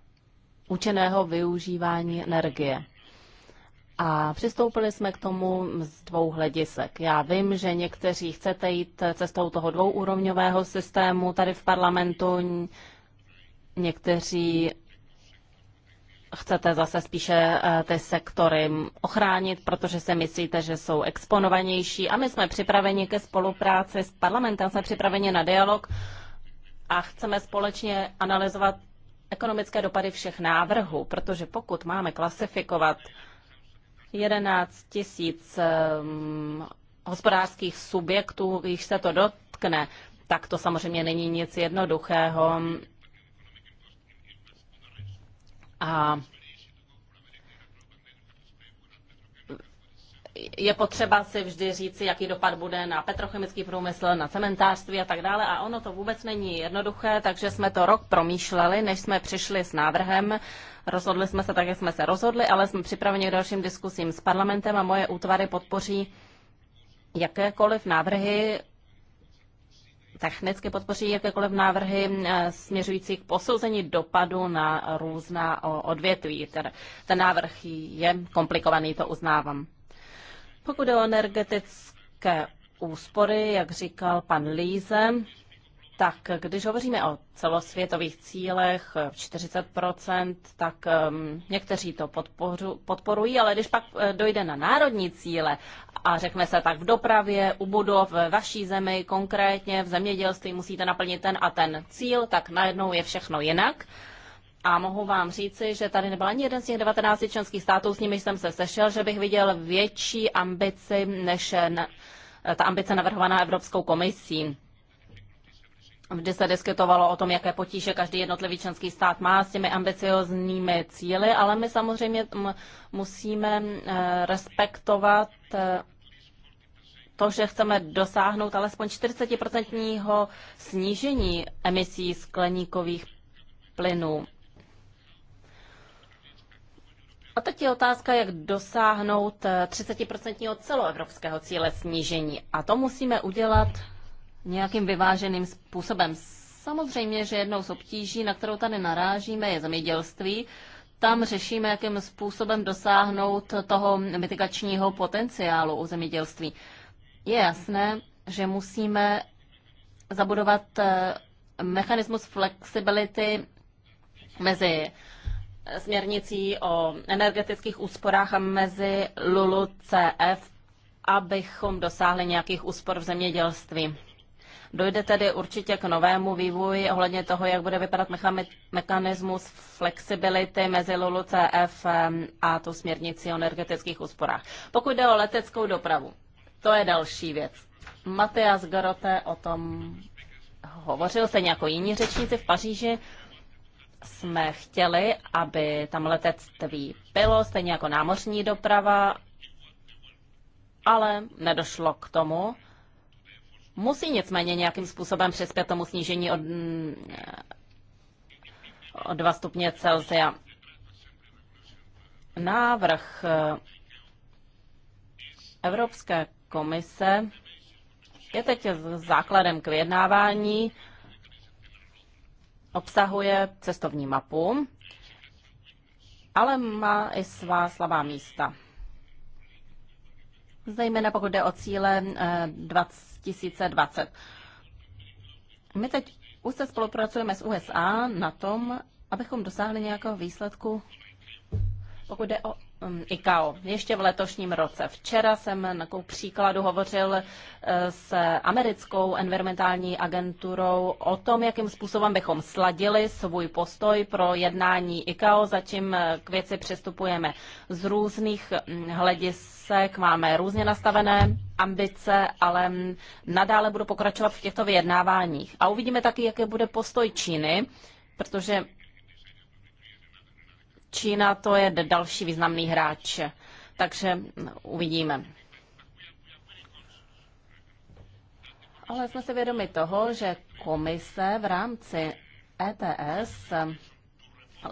[SPEAKER 3] učeného využívání energie. A přistoupili jsme k tomu z dvou hledisek. Já vím, že někteří chcete jít cestou toho dvouúrovňového systému tady v parlamentu, někteří chcete zase spíše eh, ty sektory ochránit, protože se myslíte, že jsou exponovanější a my jsme připraveni ke spolupráci s parlamentem, jsme připraveni na dialog a chceme společně analyzovat ekonomické dopady všech návrhů, protože pokud máme klasifikovat 11 tisíc ehm, hospodářských subjektů, když se to dotkne, tak to samozřejmě není nic jednoduchého. A je potřeba si vždy říci, jaký dopad bude na petrochemický průmysl, na cementářství a tak dále. A ono to vůbec není jednoduché, takže jsme to rok promýšleli, než jsme přišli s návrhem. Rozhodli jsme se tak, jak jsme se rozhodli, ale jsme připraveni k dalším diskusím s parlamentem a moje útvary podpoří jakékoliv návrhy technicky podpoří jakékoliv návrhy eh, směřující k posouzení dopadu na různá odvětví. Ten, ten návrh je komplikovaný, to uznávám. Pokud je o energetické úspory, jak říkal pan Líze, tak když hovoříme o celosvětových cílech 40%, eh, tak um, někteří to podporu, podporují, ale když pak eh, dojde na národní cíle a řekne se tak v dopravě, u budov, ve vaší zemi, konkrétně v zemědělství musíte naplnit ten a ten cíl, tak najednou je všechno jinak. A mohu vám říci, že tady nebyl ani jeden z těch 19 členských států, s nimi jsem se sešel, že bych viděl větší ambici než na, ta ambice navrhovaná Evropskou komisí kdy se diskutovalo o tom, jaké potíže každý jednotlivý členský stát má s těmi ambiciozními cíly, ale my samozřejmě musíme eh, respektovat eh, to, že chceme dosáhnout alespoň 40% snížení emisí skleníkových plynů. A teď je otázka, jak dosáhnout 30% celoevropského cíle snížení. A to musíme udělat nějakým vyváženým způsobem. Samozřejmě, že jednou z obtíží, na kterou tady narážíme, je zemědělství. Tam řešíme, jakým způsobem dosáhnout toho mitigačního potenciálu u zemědělství je jasné, že musíme zabudovat eh, mechanismus flexibility mezi eh, směrnicí o energetických úsporách a mezi LULU CF, abychom dosáhli nějakých úspor v zemědělství. Dojde tedy určitě k novému vývoji ohledně toho, jak bude vypadat mechanismus flexibility mezi LULU CF eh, a tu směrnicí o energetických úsporách. Pokud jde o leteckou dopravu, to je další věc. Mateas Garote o tom hovořil, stejně jako jiní řečníci v Paříži, jsme chtěli, aby tam letectví bylo, stejně jako námořní doprava, ale nedošlo k tomu. Musí nicméně nějakým způsobem přispět tomu snížení od, o 2 stupně Celsia. Návrh Evropské komise je teď základem k vyjednávání, obsahuje cestovní mapu, ale má i svá slabá místa. Zejména pokud jde o cíle 2020. Eh, My teď už se spolupracujeme s USA na tom, abychom dosáhli nějakého výsledku, pokud jde o Um, ICAO. Ještě v letošním roce. Včera jsem na příkladu hovořil eh, s americkou environmentální agenturou o tom, jakým způsobem bychom sladili svůj postoj pro jednání ICAO, Zatím eh, k věci přistupujeme z různých mm, hledisek, máme různě nastavené ambice, ale mm, nadále budu pokračovat v těchto vyjednáváních. A uvidíme taky, jaký bude postoj Číny, protože Čína to je další významný hráč, takže uvidíme. Ale jsme si vědomi toho, že komise v rámci ETS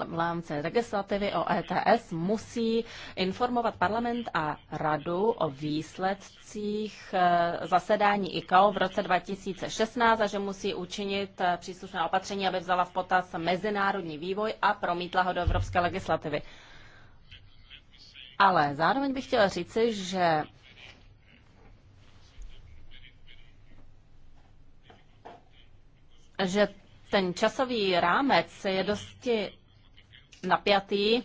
[SPEAKER 3] v lámce legislativy o ETS musí informovat parlament a radu o výsledcích eh, zasedání ICAO v roce 2016 a že musí učinit eh, příslušné opatření, aby vzala v potaz mezinárodní vývoj a promítla ho do evropské legislativy. Ale zároveň bych chtěla říci, že že ten časový rámec je dosti napjatý.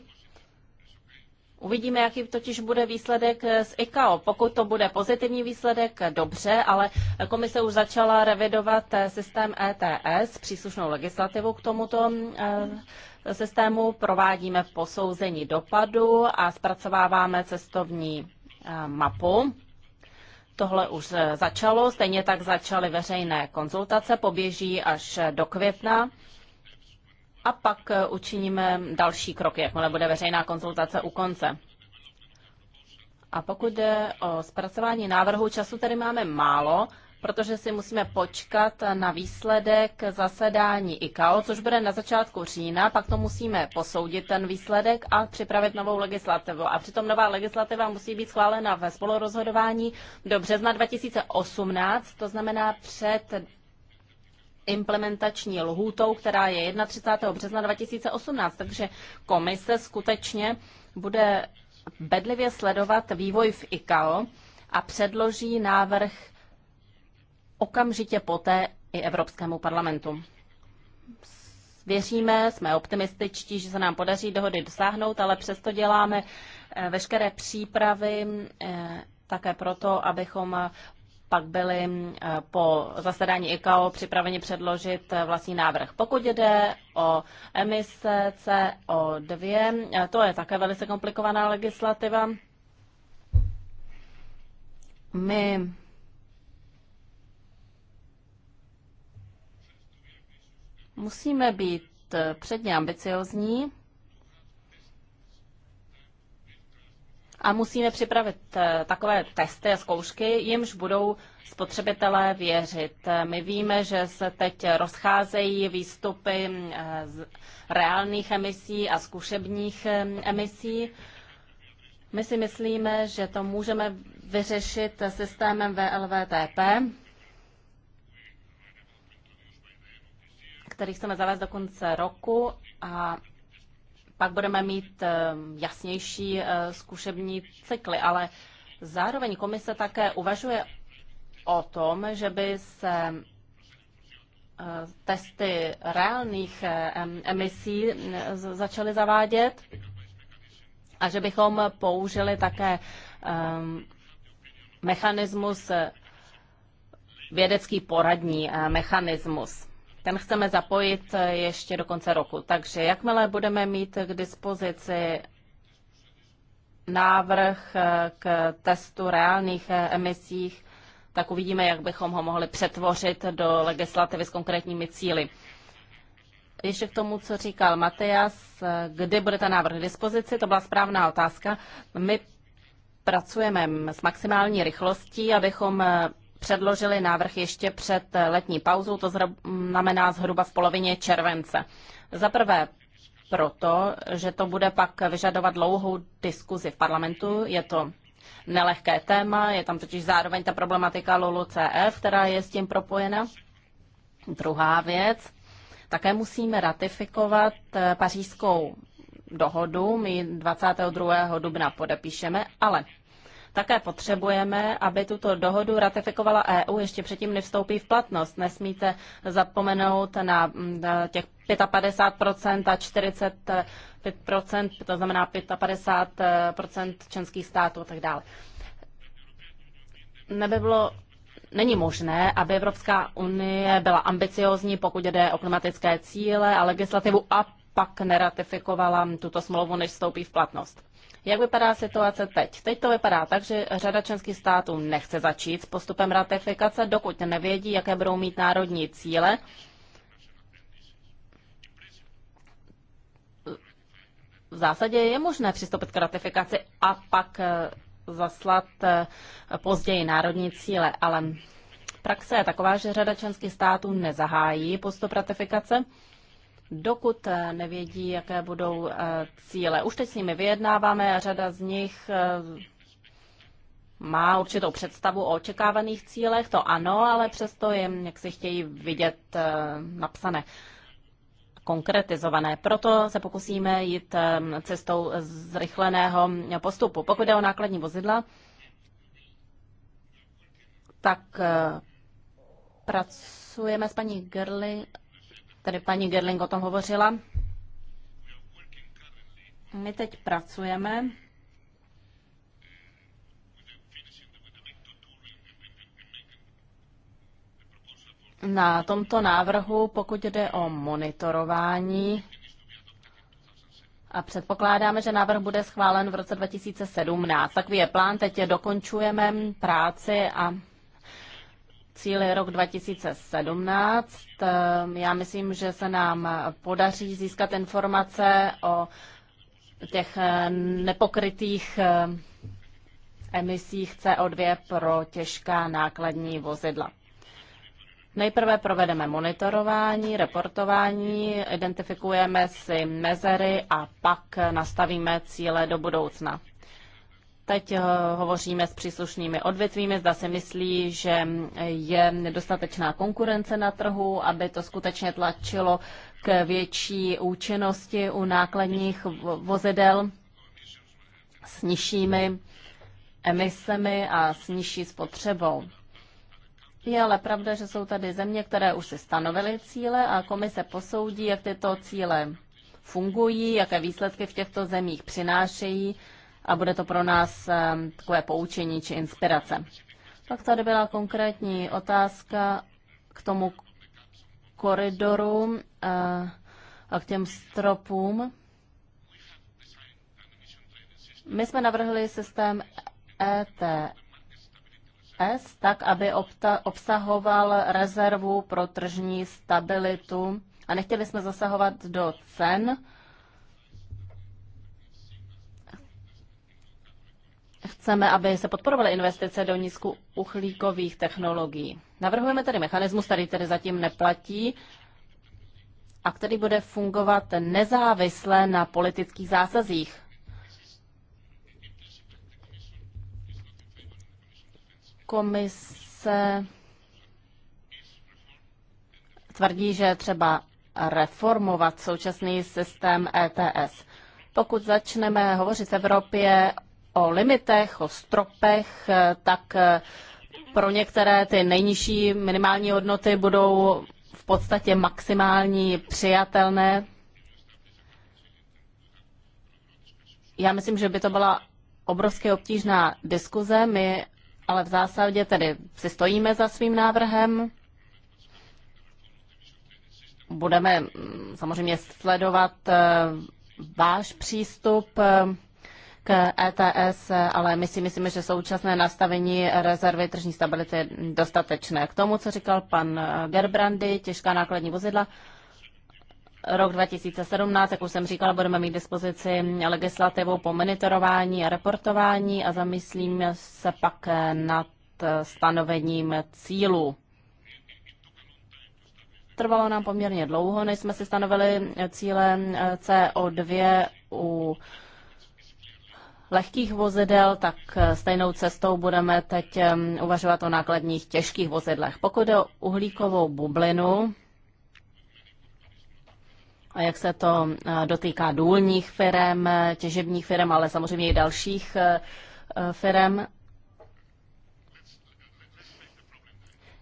[SPEAKER 3] Uvidíme, jaký totiž bude výsledek z ICAO. Pokud to bude pozitivní výsledek, dobře, ale komise už začala revidovat systém ETS, příslušnou legislativu k tomuto eh, systému. Provádíme posouzení dopadu a zpracováváme cestovní eh, mapu. Tohle už eh, začalo, stejně tak začaly veřejné konzultace, poběží až do května a pak eh, učiníme další kroky, jakmile bude veřejná konzultace u konce. A pokud jde o zpracování návrhu, času tady máme málo, protože si musíme počkat na výsledek zasedání ICAO, což bude na začátku října, pak to musíme posoudit ten výsledek a připravit novou legislativu. A přitom nová legislativa musí být schválena ve spolurozhodování do března 2018, to znamená před implementační lhůtou, která je 31. března 2018. Takže komise skutečně bude bedlivě sledovat vývoj v ICAO a předloží návrh okamžitě poté i Evropskému parlamentu. Věříme, jsme optimističtí, že se nám podaří dohody dosáhnout, ale přesto děláme eh, veškeré přípravy eh, také proto, abychom pak byli eh, po zasedání ICAO připraveni předložit eh, vlastní návrh. Pokud jde o emise CO2, eh, to je také velice komplikovaná legislativa. My musíme být předně ambiciozní a musíme připravit eh, takové testy a zkoušky, jimž budou spotřebitelé věřit. My víme, že se teď rozcházejí výstupy mm, eh, z reálných emisí a zkušebních mm, emisí. My si myslíme, že to můžeme vyřešit systémem VLVTP, který chceme zavést do konce roku a pak budeme mít eh, jasnější eh, zkušební cykly, ale zároveň komise také uvažuje o tom, že by se eh, testy reálných emisí začaly zavádět a že bychom použili také mechanismus vědecký poradní mechanismus ten chceme zapojit eh, ještě do konce roku. Takže jakmile budeme mít k dispozici návrh eh, k testu reálných eh, emisích, tak uvidíme, jak bychom ho mohli přetvořit do legislativy s konkrétními cíly. Ještě k tomu, co říkal Matias, kdy bude ten návrh k dispozici, to byla správná otázka. My pracujeme s maximální rychlostí, abychom předložili návrh ještě před eh, letní pauzou, to znamená zhruba v polovině července. Za prvé proto, že to bude pak vyžadovat dlouhou diskuzi v parlamentu. Je to nelehké téma, je tam totiž zároveň ta problematika LULU-CF, která je s tím propojena. Druhá věc, také musíme ratifikovat eh, pařížskou dohodu, my 22. dubna podepíšeme, ale také potřebujeme, aby tuto dohodu ratifikovala EU ještě předtím, než vstoupí v platnost. Nesmíte zapomenout na mm, těch 55 a 45 to znamená 55 členských států a tak dále. Neby bylo Není možné, aby Evropská unie byla ambiciózní, pokud jde o klimatické cíle a legislativu a pak neratifikovala tuto smlouvu, než vstoupí v platnost. Jak vypadá situace teď? Teď to vypadá tak, že řada členských států nechce začít s postupem ratifikace, dokud nevědí, jaké budou mít národní cíle. V zásadě je možné přistoupit k ratifikaci a pak eh, zaslat eh, později národní cíle, ale praxe je taková, že řada členských států nezahájí postup ratifikace dokud eh, nevědí, jaké budou eh, cíle. Už teď s nimi vyjednáváme a řada z nich eh, má určitou představu o očekávaných cílech, to ano, ale přesto jim, jak si chtějí vidět napsané konkretizované. Proto se pokusíme jít cestou zrychleného postupu. Pokud jde o nákladní vozidla, tak pracujeme s paní Gerly Tady paní Gerling o tom hovořila. My teď pracujeme na tomto návrhu, pokud jde o monitorování. A předpokládáme, že návrh bude schválen v roce 2017. Takový je plán, teď je dokončujeme práci a cíl je rok 2017. Ehm, já myslím, že se nám podaří získat informace o těch eh, nepokrytých ehm, emisích CO2 pro těžká nákladní vozidla. Nejprve provedeme monitorování, reportování, identifikujeme si mezery a pak nastavíme cíle do budoucna. Teď eh, hovoříme s příslušnými odvětvími, zda si myslí, že je nedostatečná konkurence na trhu, aby to skutečně tlačilo k větší účinnosti u nákladních vozidel s nižšími emisemi a s nižší spotřebou. Je ale pravda, že jsou tady země, které už si stanovily cíle a komise posoudí, jak tyto cíle fungují, jaké výsledky v těchto zemích přinášejí a bude to pro nás takové poučení či inspirace. Pak tady byla konkrétní otázka k tomu koridoru eh, a k těm stropům. My jsme navrhli systém ETS tak, aby obsahoval rezervu pro tržní stabilitu a nechtěli jsme zasahovat do cen, Chceme, aby se podporovaly investice do uhlíkových technologií. Navrhujeme tedy mechanismus, který tedy zatím neplatí a který bude fungovat nezávisle na politických zásazích. Komise tvrdí, že třeba reformovat současný systém ETS. Pokud začneme hovořit v Evropě o limitech, o stropech, eh, tak eh, pro některé ty nejnižší minimální hodnoty budou v podstatě maximální přijatelné. Já myslím, že by to byla obrovské obtížná diskuze. My ale v zásadě tedy si stojíme za svým návrhem. Budeme mm, samozřejmě sledovat eh, váš přístup k ETS, ale my si myslíme, že současné nastavení rezervy tržní stability je dostatečné. K tomu, co říkal pan Gerbrandy, těžká nákladní vozidla, rok 2017, jak už jsem říkala, budeme mít dispozici legislativu po monitorování a reportování a zamyslím se pak nad stanovením cílů. Trvalo nám poměrně dlouho, než jsme si stanovili cíle CO2 u lehkých vozidel, tak eh, stejnou cestou budeme teď uvažovat o nákladních těžkých vozidlech. Pokud jde o uhlíkovou bublinu, a jak se to eh, dotýká důlních firm, eh, těžebních firm, ale samozřejmě i dalších firm.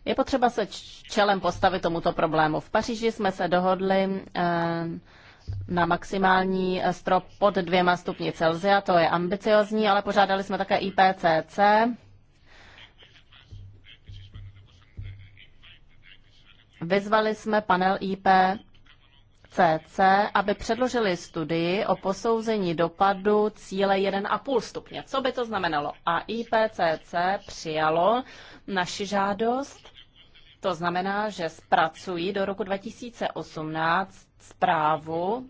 [SPEAKER 3] Je potřeba se čelem postavit tomuto problému. V Paříži jsme se dohodli na maximální eh, strop pod dvěma stupni Celsia, to je ambiciozní, ale pořádali jsme také IPCC, Vyzvali jsme panel IPCC, aby předložili studii o posouzení dopadu cíle 1,5 stupně. Co by to znamenalo? A IPCC přijalo naši žádost. To znamená, že zpracují do roku 2018 zprávu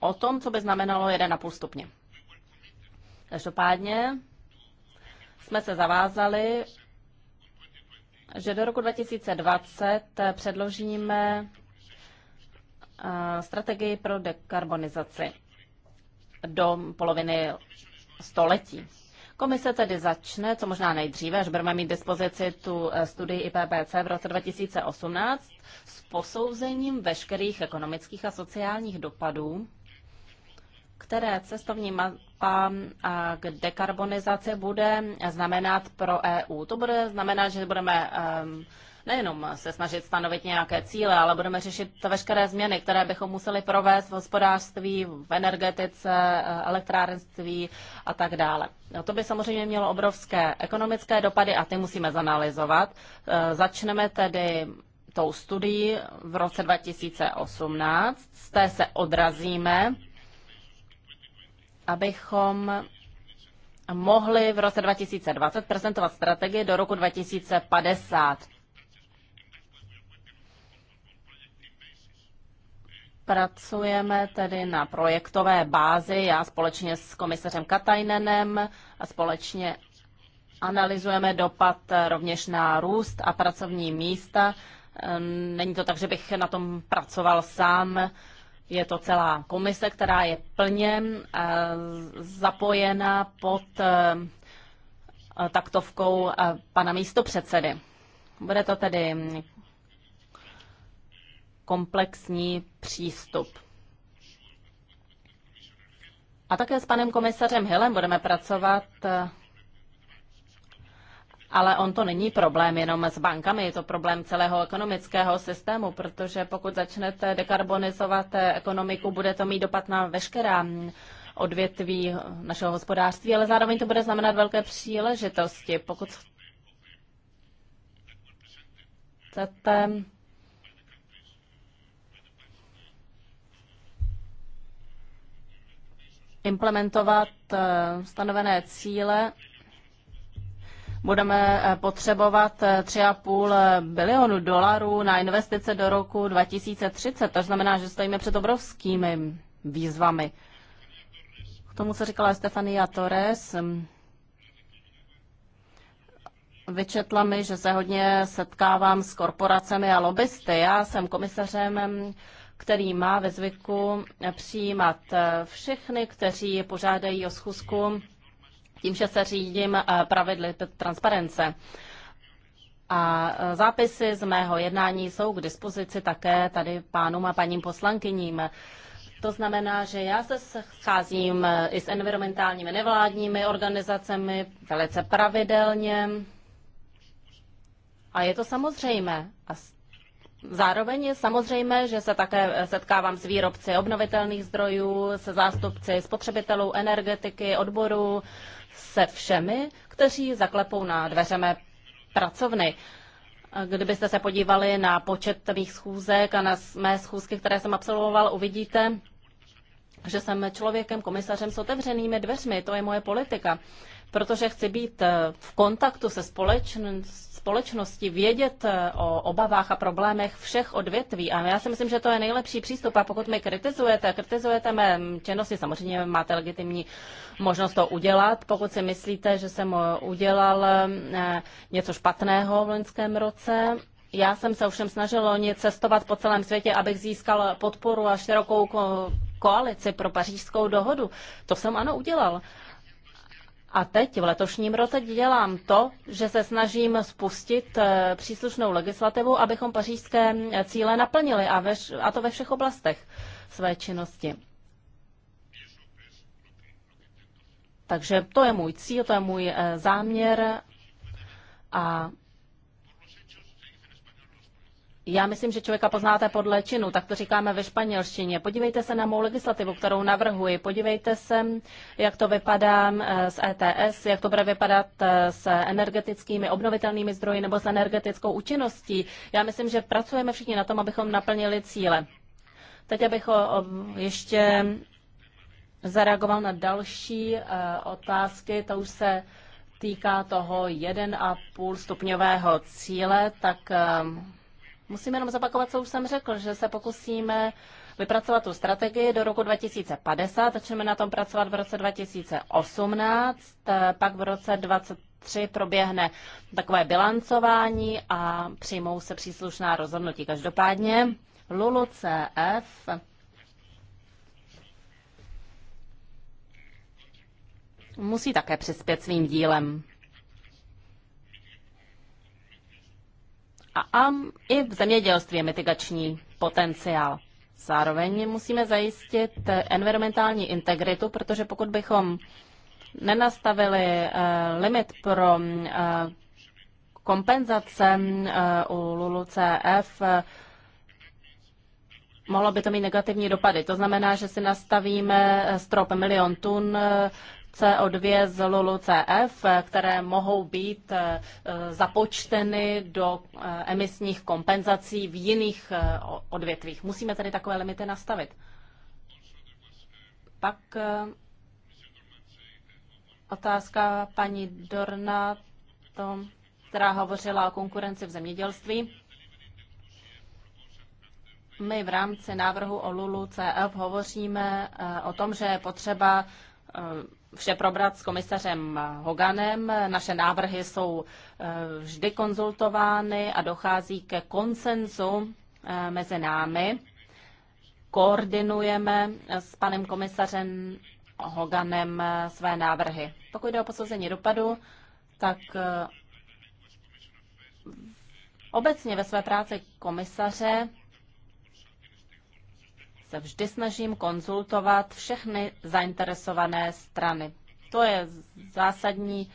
[SPEAKER 3] o tom, co by znamenalo 1,5 stupně. Každopádně jsme se zavázali, že do roku 2020 předložíme eh, strategii pro dekarbonizaci do poloviny století. Komise tedy začne, co možná nejdříve, až budeme mít dispozici tu eh, studii IPPC v roce 2018, s posouzením veškerých ekonomických a sociálních dopadů, které cestovní mapa k dekarbonizaci bude znamenat pro EU. To bude znamenat, že budeme ehm, nejenom se snažit stanovit nějaké cíle, ale budeme řešit veškeré změny, které bychom museli provést v hospodářství, v energetice, eh, elektrárenství a tak dále. No, to by samozřejmě mělo obrovské ekonomické dopady a ty musíme zanalizovat. Eh, začneme tedy tou studií v roce 2018. Z té se odrazíme, abychom mohli v roce 2020 prezentovat strategii do roku 2050. Pracujeme tedy na projektové bázi, já společně s komisařem Katajnenem a společně analyzujeme dopad eh, rovněž na růst a pracovní místa. Ehm, není to tak, že bych na tom pracoval sám, je to celá komise, která je plně eh, zapojena pod eh, taktovkou pana místopředsedy. Bude to tedy komplexní přístup. A také s panem komisařem Hillem budeme pracovat, ale on to není problém jenom s bankami, je to problém celého ekonomického systému, protože pokud začnete dekarbonizovat ekonomiku, bude to mít dopad na veškerá odvětví našeho hospodářství, ale zároveň to bude znamenat velké příležitosti. Pokud chcete implementovat eh, stanovené cíle, budeme eh, potřebovat 3,5 eh, bilionu dolarů na investice do roku 2030. To znamená, že stojíme před obrovskými výzvami. K tomu, co říkala Stefania Torres, mm, vyčetla mi, že se hodně setkávám s korporacemi a lobbysty. Já jsem komisařem mm, který má ve zvyku přijímat eh, všechny, kteří požádají o schůzku tím, že se řídím eh, pravidly transparence. A eh, zápisy z mého jednání jsou k dispozici také tady pánům a paním poslankyním. To znamená, že já se scházím i s environmentálními nevládními organizacemi velice pravidelně. A je to samozřejmé. A Zároveň je samozřejmé, že se také setkávám s výrobci obnovitelných zdrojů, se zástupci spotřebitelů, energetiky, odborů, se všemi, kteří zaklepou na dveře mé pracovny. Kdybyste se podívali na počet mých schůzek a na mé schůzky, které jsem absolvoval, uvidíte, že jsem člověkem, komisařem s otevřenými dveřmi. To je moje politika, protože chci být eh, v kontaktu se společností společnosti vědět eh, o obavách a problémech všech odvětví. A já si myslím, že to je nejlepší přístup. A pokud mi kritizujete, kritizujete mé činnosti, samozřejmě máte legitimní možnost to udělat. Pokud si myslíte, že jsem eh, udělal eh, něco špatného v loňském roce, já jsem se ovšem snažil loni cestovat po celém světě, abych získal podporu a širokou koalici pro pařížskou dohodu. To jsem ano udělal. A teď v letošním roce dělám to, že se snažím spustit eh, příslušnou legislativu, abychom pařížské eh, cíle naplnili a, veš a to ve všech oblastech své činnosti. Takže to je můj cíl, to je můj eh, záměr a já myslím, že člověka poznáte podle činu, tak to říkáme ve španělštině. Podívejte se na mou legislativu, kterou navrhuji. Podívejte se, jak to vypadá eh, s ETS, jak to bude vypadat eh, s energetickými obnovitelnými zdroji nebo s energetickou účinností. Já myslím, že pracujeme všichni na tom, abychom naplnili cíle. Teď abych ještě zareagoval na další eh, otázky, to už se týká toho 1,5 stupňového cíle, tak Musím jenom zopakovat, co už jsem řekl, že se pokusíme vypracovat tu strategii do roku 2050, začneme na tom pracovat v roce 2018, pak v roce 2023 proběhne takové bilancování a přijmou se příslušná rozhodnutí. Každopádně LULU-CF musí také přispět svým dílem. a, i v zemědělství je mitigační potenciál. Zároveň musíme zajistit eh, environmentální integritu, protože pokud bychom nenastavili eh, limit pro eh, kompenzace u LULUCF, mohlo by to mít negativní dopady. To znamená, že si nastavíme strop milion tun CO2 z CF, které mohou být eh, započteny do eh, emisních kompenzací v jiných eh, odvětvích. Musíme tedy takové limity nastavit. Pak otázka paní Dorna, tom, která hovořila o konkurenci v zemědělství. My v rámci návrhu o LULU CF hovoříme o tom, že je potřeba vše probrat s komisařem Hoganem. Naše návrhy jsou eh, vždy konzultovány a dochází ke konsenzu eh, mezi námi. Koordinujeme s panem komisařem Hoganem eh, své návrhy. Pokud jde o posouzení dopadu, tak obecně ve své práci komisaře se vždy snažím konzultovat všechny zainteresované strany. To je zásadní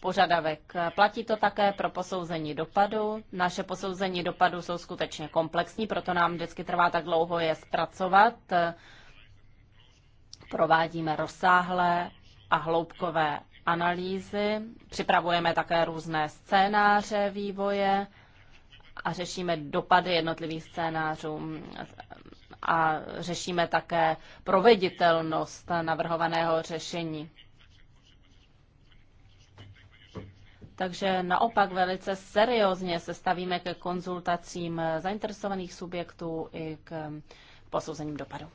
[SPEAKER 3] požadavek. Platí to také pro posouzení dopadu. Naše posouzení dopadu jsou skutečně komplexní, proto nám vždycky trvá tak dlouho je zpracovat. Provádíme rozsáhlé a hloubkové analýzy, připravujeme také různé scénáře vývoje a řešíme dopady jednotlivých scénářů a řešíme také proveditelnost navrhovaného řešení. Takže naopak velice seriózně se stavíme ke konzultacím zainteresovaných subjektů i k posouzením dopadu.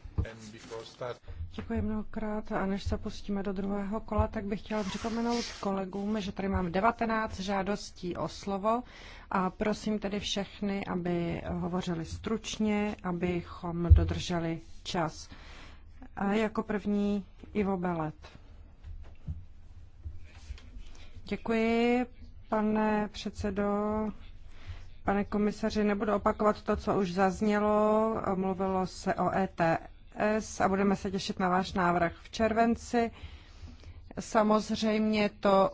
[SPEAKER 2] Děkuji mnohokrát a než se pustíme do druhého kola, tak bych chtěla připomenout kolegům, že tady mám 19 žádostí o slovo a prosím tedy všechny, aby hovořili stručně, abychom dodrželi čas. A jako první Ivo Belet. Děkuji, pane předsedo. Pane komisaři, nebudu opakovat to, co už zaznělo. Mluvilo se o ETS ETS a budeme se těšit na váš návrh v červenci. Samozřejmě to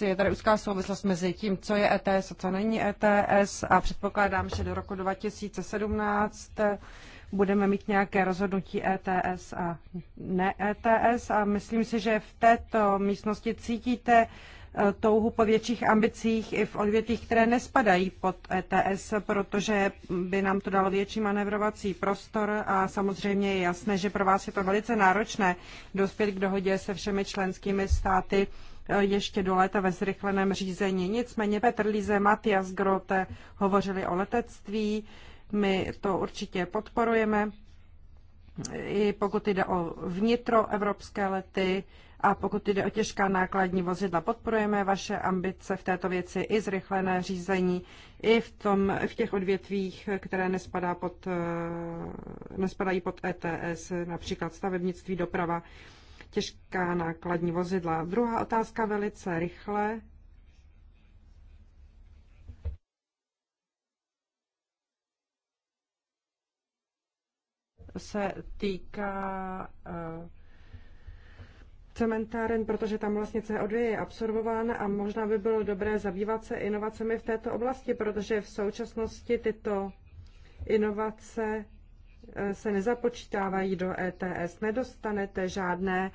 [SPEAKER 2] eh, je tady úzká souvislost mezi tím, co je ETS a co není ETS a předpokládám, že do roku 2017 eh, budeme mít nějaké rozhodnutí ETS a ne ETS a myslím si, že v této místnosti cítíte touhu po větších ambicích i v odvětvích, které nespadají pod ETS, protože by nám to dalo větší manevrovací prostor a samozřejmě je jasné, že pro vás je to velice náročné dospět k dohodě se všemi členskými státy eh, ještě do léta ve zrychleném řízení. Nicméně Petr Líze, Matias Grote hovořili o letectví, my to určitě podporujeme, i pokud jde o vnitroevropské lety, a pokud jde o těžká nákladní vozidla, podporujeme vaše ambice v této věci i zrychlené řízení, i v, tom, v těch odvětvích, které nespadá pod, eh, nespadají pod ETS, například stavebnictví, doprava, těžká nákladní vozidla. Druhá otázka velice rychle. se týká uh, cementáren, protože tam vlastně CO2 je absorbován a možná by bylo dobré zabývat se inovacemi v této oblasti, protože v současnosti tyto inovace eh, se nezapočítávají do ETS, nedostanete žádné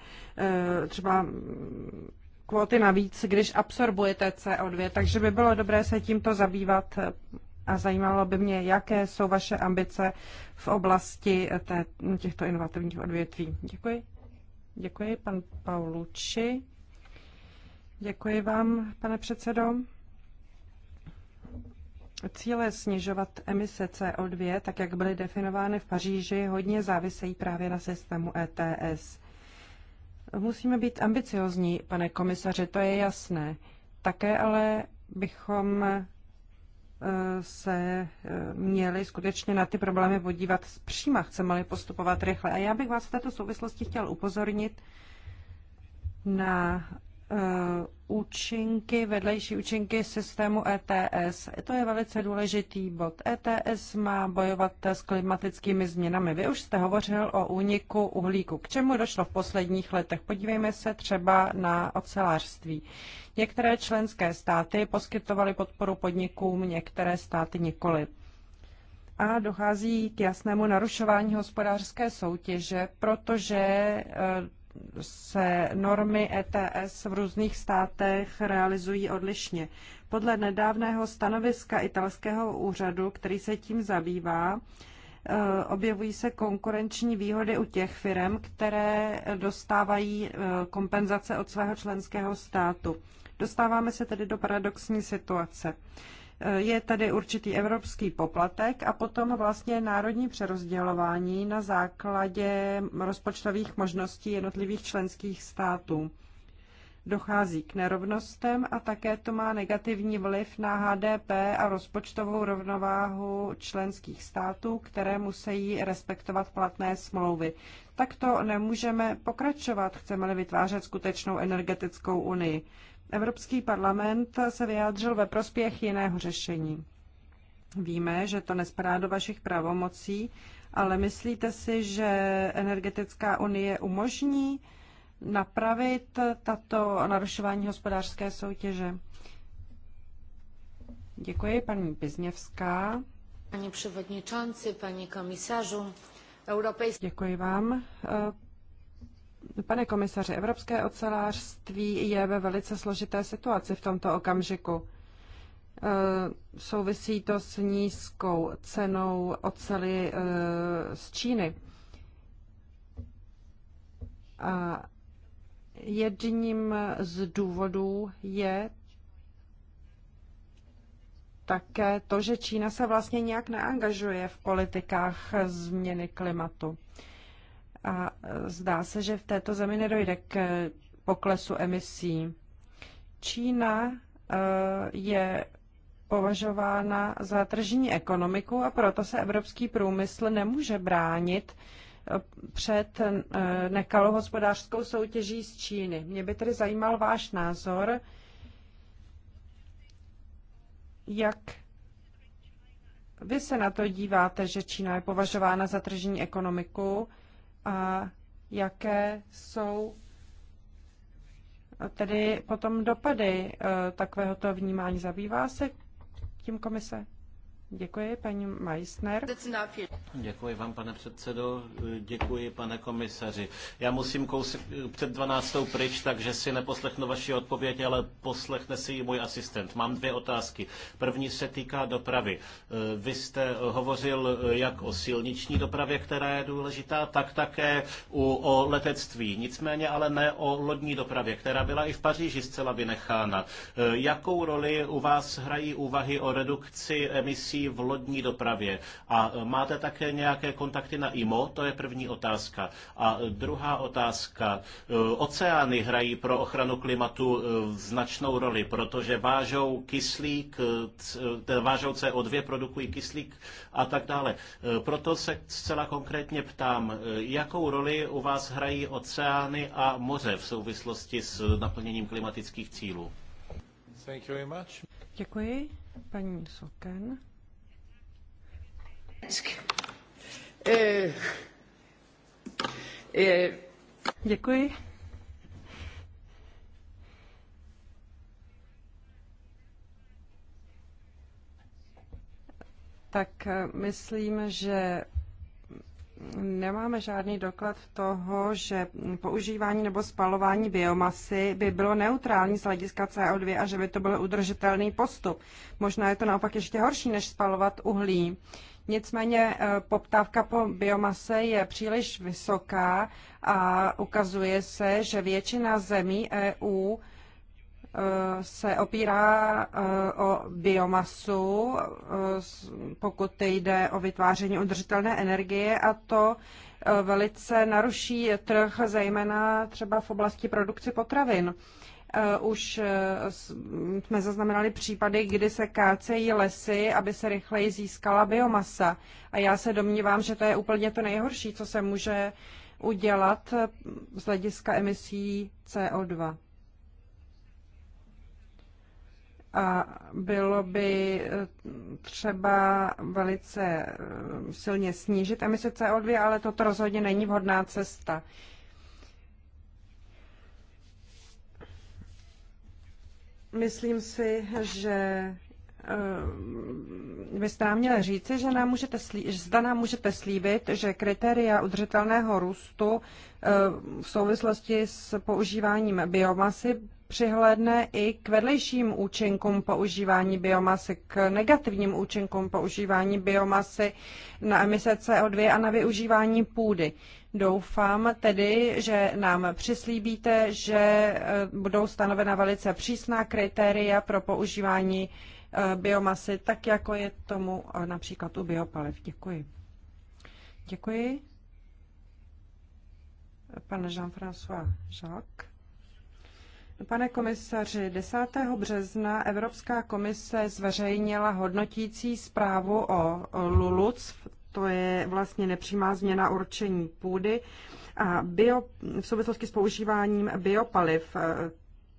[SPEAKER 2] eh, třeba mm, kvóty navíc, když absorbujete CO2, takže by bylo dobré se tímto zabývat eh, a zajímalo by mě, jaké jsou vaše ambice v oblasti té, těchto inovativních odvětví. Děkuji. Děkuji, pan Paulucci. Děkuji vám, pane předsedo. Cíle snižovat emise CO2, tak jak byly definovány v Paříži, hodně závisejí právě na systému ETS. Musíme být ambiciozní, pane komisaře, to je jasné. Také ale bychom se eh, měli skutečně na ty problémy podívat zpříma, chceme-li postupovat rychle. A já bych vás v této souvislosti chtěl upozornit na Eh, účinky, vedlejší účinky systému ETS. To je velice důležitý bod. ETS má bojovat s klimatickými změnami. Vy už jste hovořil o úniku uhlíku. K čemu došlo v posledních letech? Podívejme se třeba na ocelářství. Některé členské státy poskytovaly podporu podnikům, některé státy nikoli. A dochází k jasnému narušování hospodářské soutěže, protože eh, se normy ETS v různých státech realizují odlišně. Podle nedávného stanoviska italského úřadu, který se tím zabývá, eh, objevují se konkurenční výhody u těch firm, které dostávají eh, kompenzace od svého členského státu. Dostáváme se tedy do paradoxní situace. Eh, je tady určitý evropský poplatek a potom vlastně národní přerozdělování na základě rozpočtových možností jednotlivých členských států. Dochází k nerovnostem a také to má negativní vliv na HDP a rozpočtovou rovnováhu členských států, které musí respektovat platné smlouvy. Takto nemůžeme pokračovat, chceme-li vytvářet skutečnou energetickou unii. Evropský parlament se vyjádřil ve prospěch jiného řešení. Víme, že to nespadá do vašich pravomocí, ale myslíte si, že energetická unie umožní napravit tato narušování hospodářské soutěže? Děkuji, paní Pizněvská. Pani předsedající, paní komisařu, Europejský... Děkuji vám, Pane komisaři, evropské ocelářství je ve velice složité situaci v tomto okamžiku. E, souvisí to s nízkou cenou oceli e, z Číny. A jedním z důvodů je také to, že Čína se vlastně nějak neangažuje v politikách změny klimatu a e, zdá se, že v této zemi nedojde k poklesu emisí. Čína e, je považována za tržní ekonomiku a proto se evropský průmysl nemůže bránit e, před nekalou hospodářskou soutěží z Číny. Mě by tedy zajímal váš názor, jak vy se na to díváte, že Čína je považována za tržní ekonomiku a jaké jsou tedy potom dopady eh, takovéhoto vnímání. Zabývá se tím komise? Děkuji, paní Meissner.
[SPEAKER 1] Děkuji vám, pane předsedo, děkuji, pane komisaři. Já musím kousek před 12. pryč, takže si neposlechnu vaši odpověď, ale poslechne si ji můj asistent. Mám dvě otázky. První se týká dopravy. Vy jste hovořil jak o silniční dopravě, která je důležitá, tak také u, o letectví. Nicméně ale ne o lodní dopravě, která byla i v Paříži zcela vynechána. Jakou roli u vás hrají úvahy o redukci emisí prací v lodní dopravě. A e, máte také nějaké kontakty na IMO? To je první otázka. A e, druhá otázka. E, oceány hrají pro ochranu klimatu značnou roli, protože vážou kyslík, vážou CO2, produkují kyslík a tak dále. Proto se zcela konkrétně ptám, jakou roli u vás hrají oceány a moře v souvislosti s naplněním klimatických cílů? Thank you very much.
[SPEAKER 2] Děkuji, paní Soken. Eh, eh, Děkuji. Tak eh, myslím, že nemáme žádný doklad toho, že používání nebo spalování biomasy by bylo neutrální z hlediska CO2 a že by to byl udržitelný postup. Možná je to naopak ještě horší, než spalovat uhlí. Nicméně eh, poptávka po biomase je příliš vysoká a ukazuje se, že většina zemí EU eh, se opírá eh, o biomasu, pokud jde o vytváření udržitelné energie a to velice naruší trh, zejména třeba v oblasti produkce potravin. Eh, už eh, jsme zaznamenali případy, kdy se kácejí lesy, aby se rychleji získala biomasa. A já se domnívám, že to je úplně to nejhorší, co se může udělat eh, z hlediska emisí CO2. A bylo by třeba velice silně snížit emise CO2, ale toto rozhodně není vhodná cesta. Myslím si, že eh, byste nám měli říci, že nám můžete slíbit, zda nám můžete slíbit, že kritéria udržitelného růstu eh, v souvislosti s používáním biomasy přihlédne i k vedlejším účinkům používání biomasy, k negativním účinkům používání biomasy na emise CO2 a na využívání půdy. Doufám tedy, že nám přislíbíte, že eh, budou stanovena velice přísná kritéria pro používání eh, biomasy, tak jako je tomu eh, například u biopaliv. Děkuji. Děkuji. Pane Jean-François Jacques. Pane komisaři, 10. března Evropská komise zveřejnila hodnotící zprávu o LULUC, to je vlastně nepřímá změna určení půdy. A bio, v souvislosti s používáním biopaliv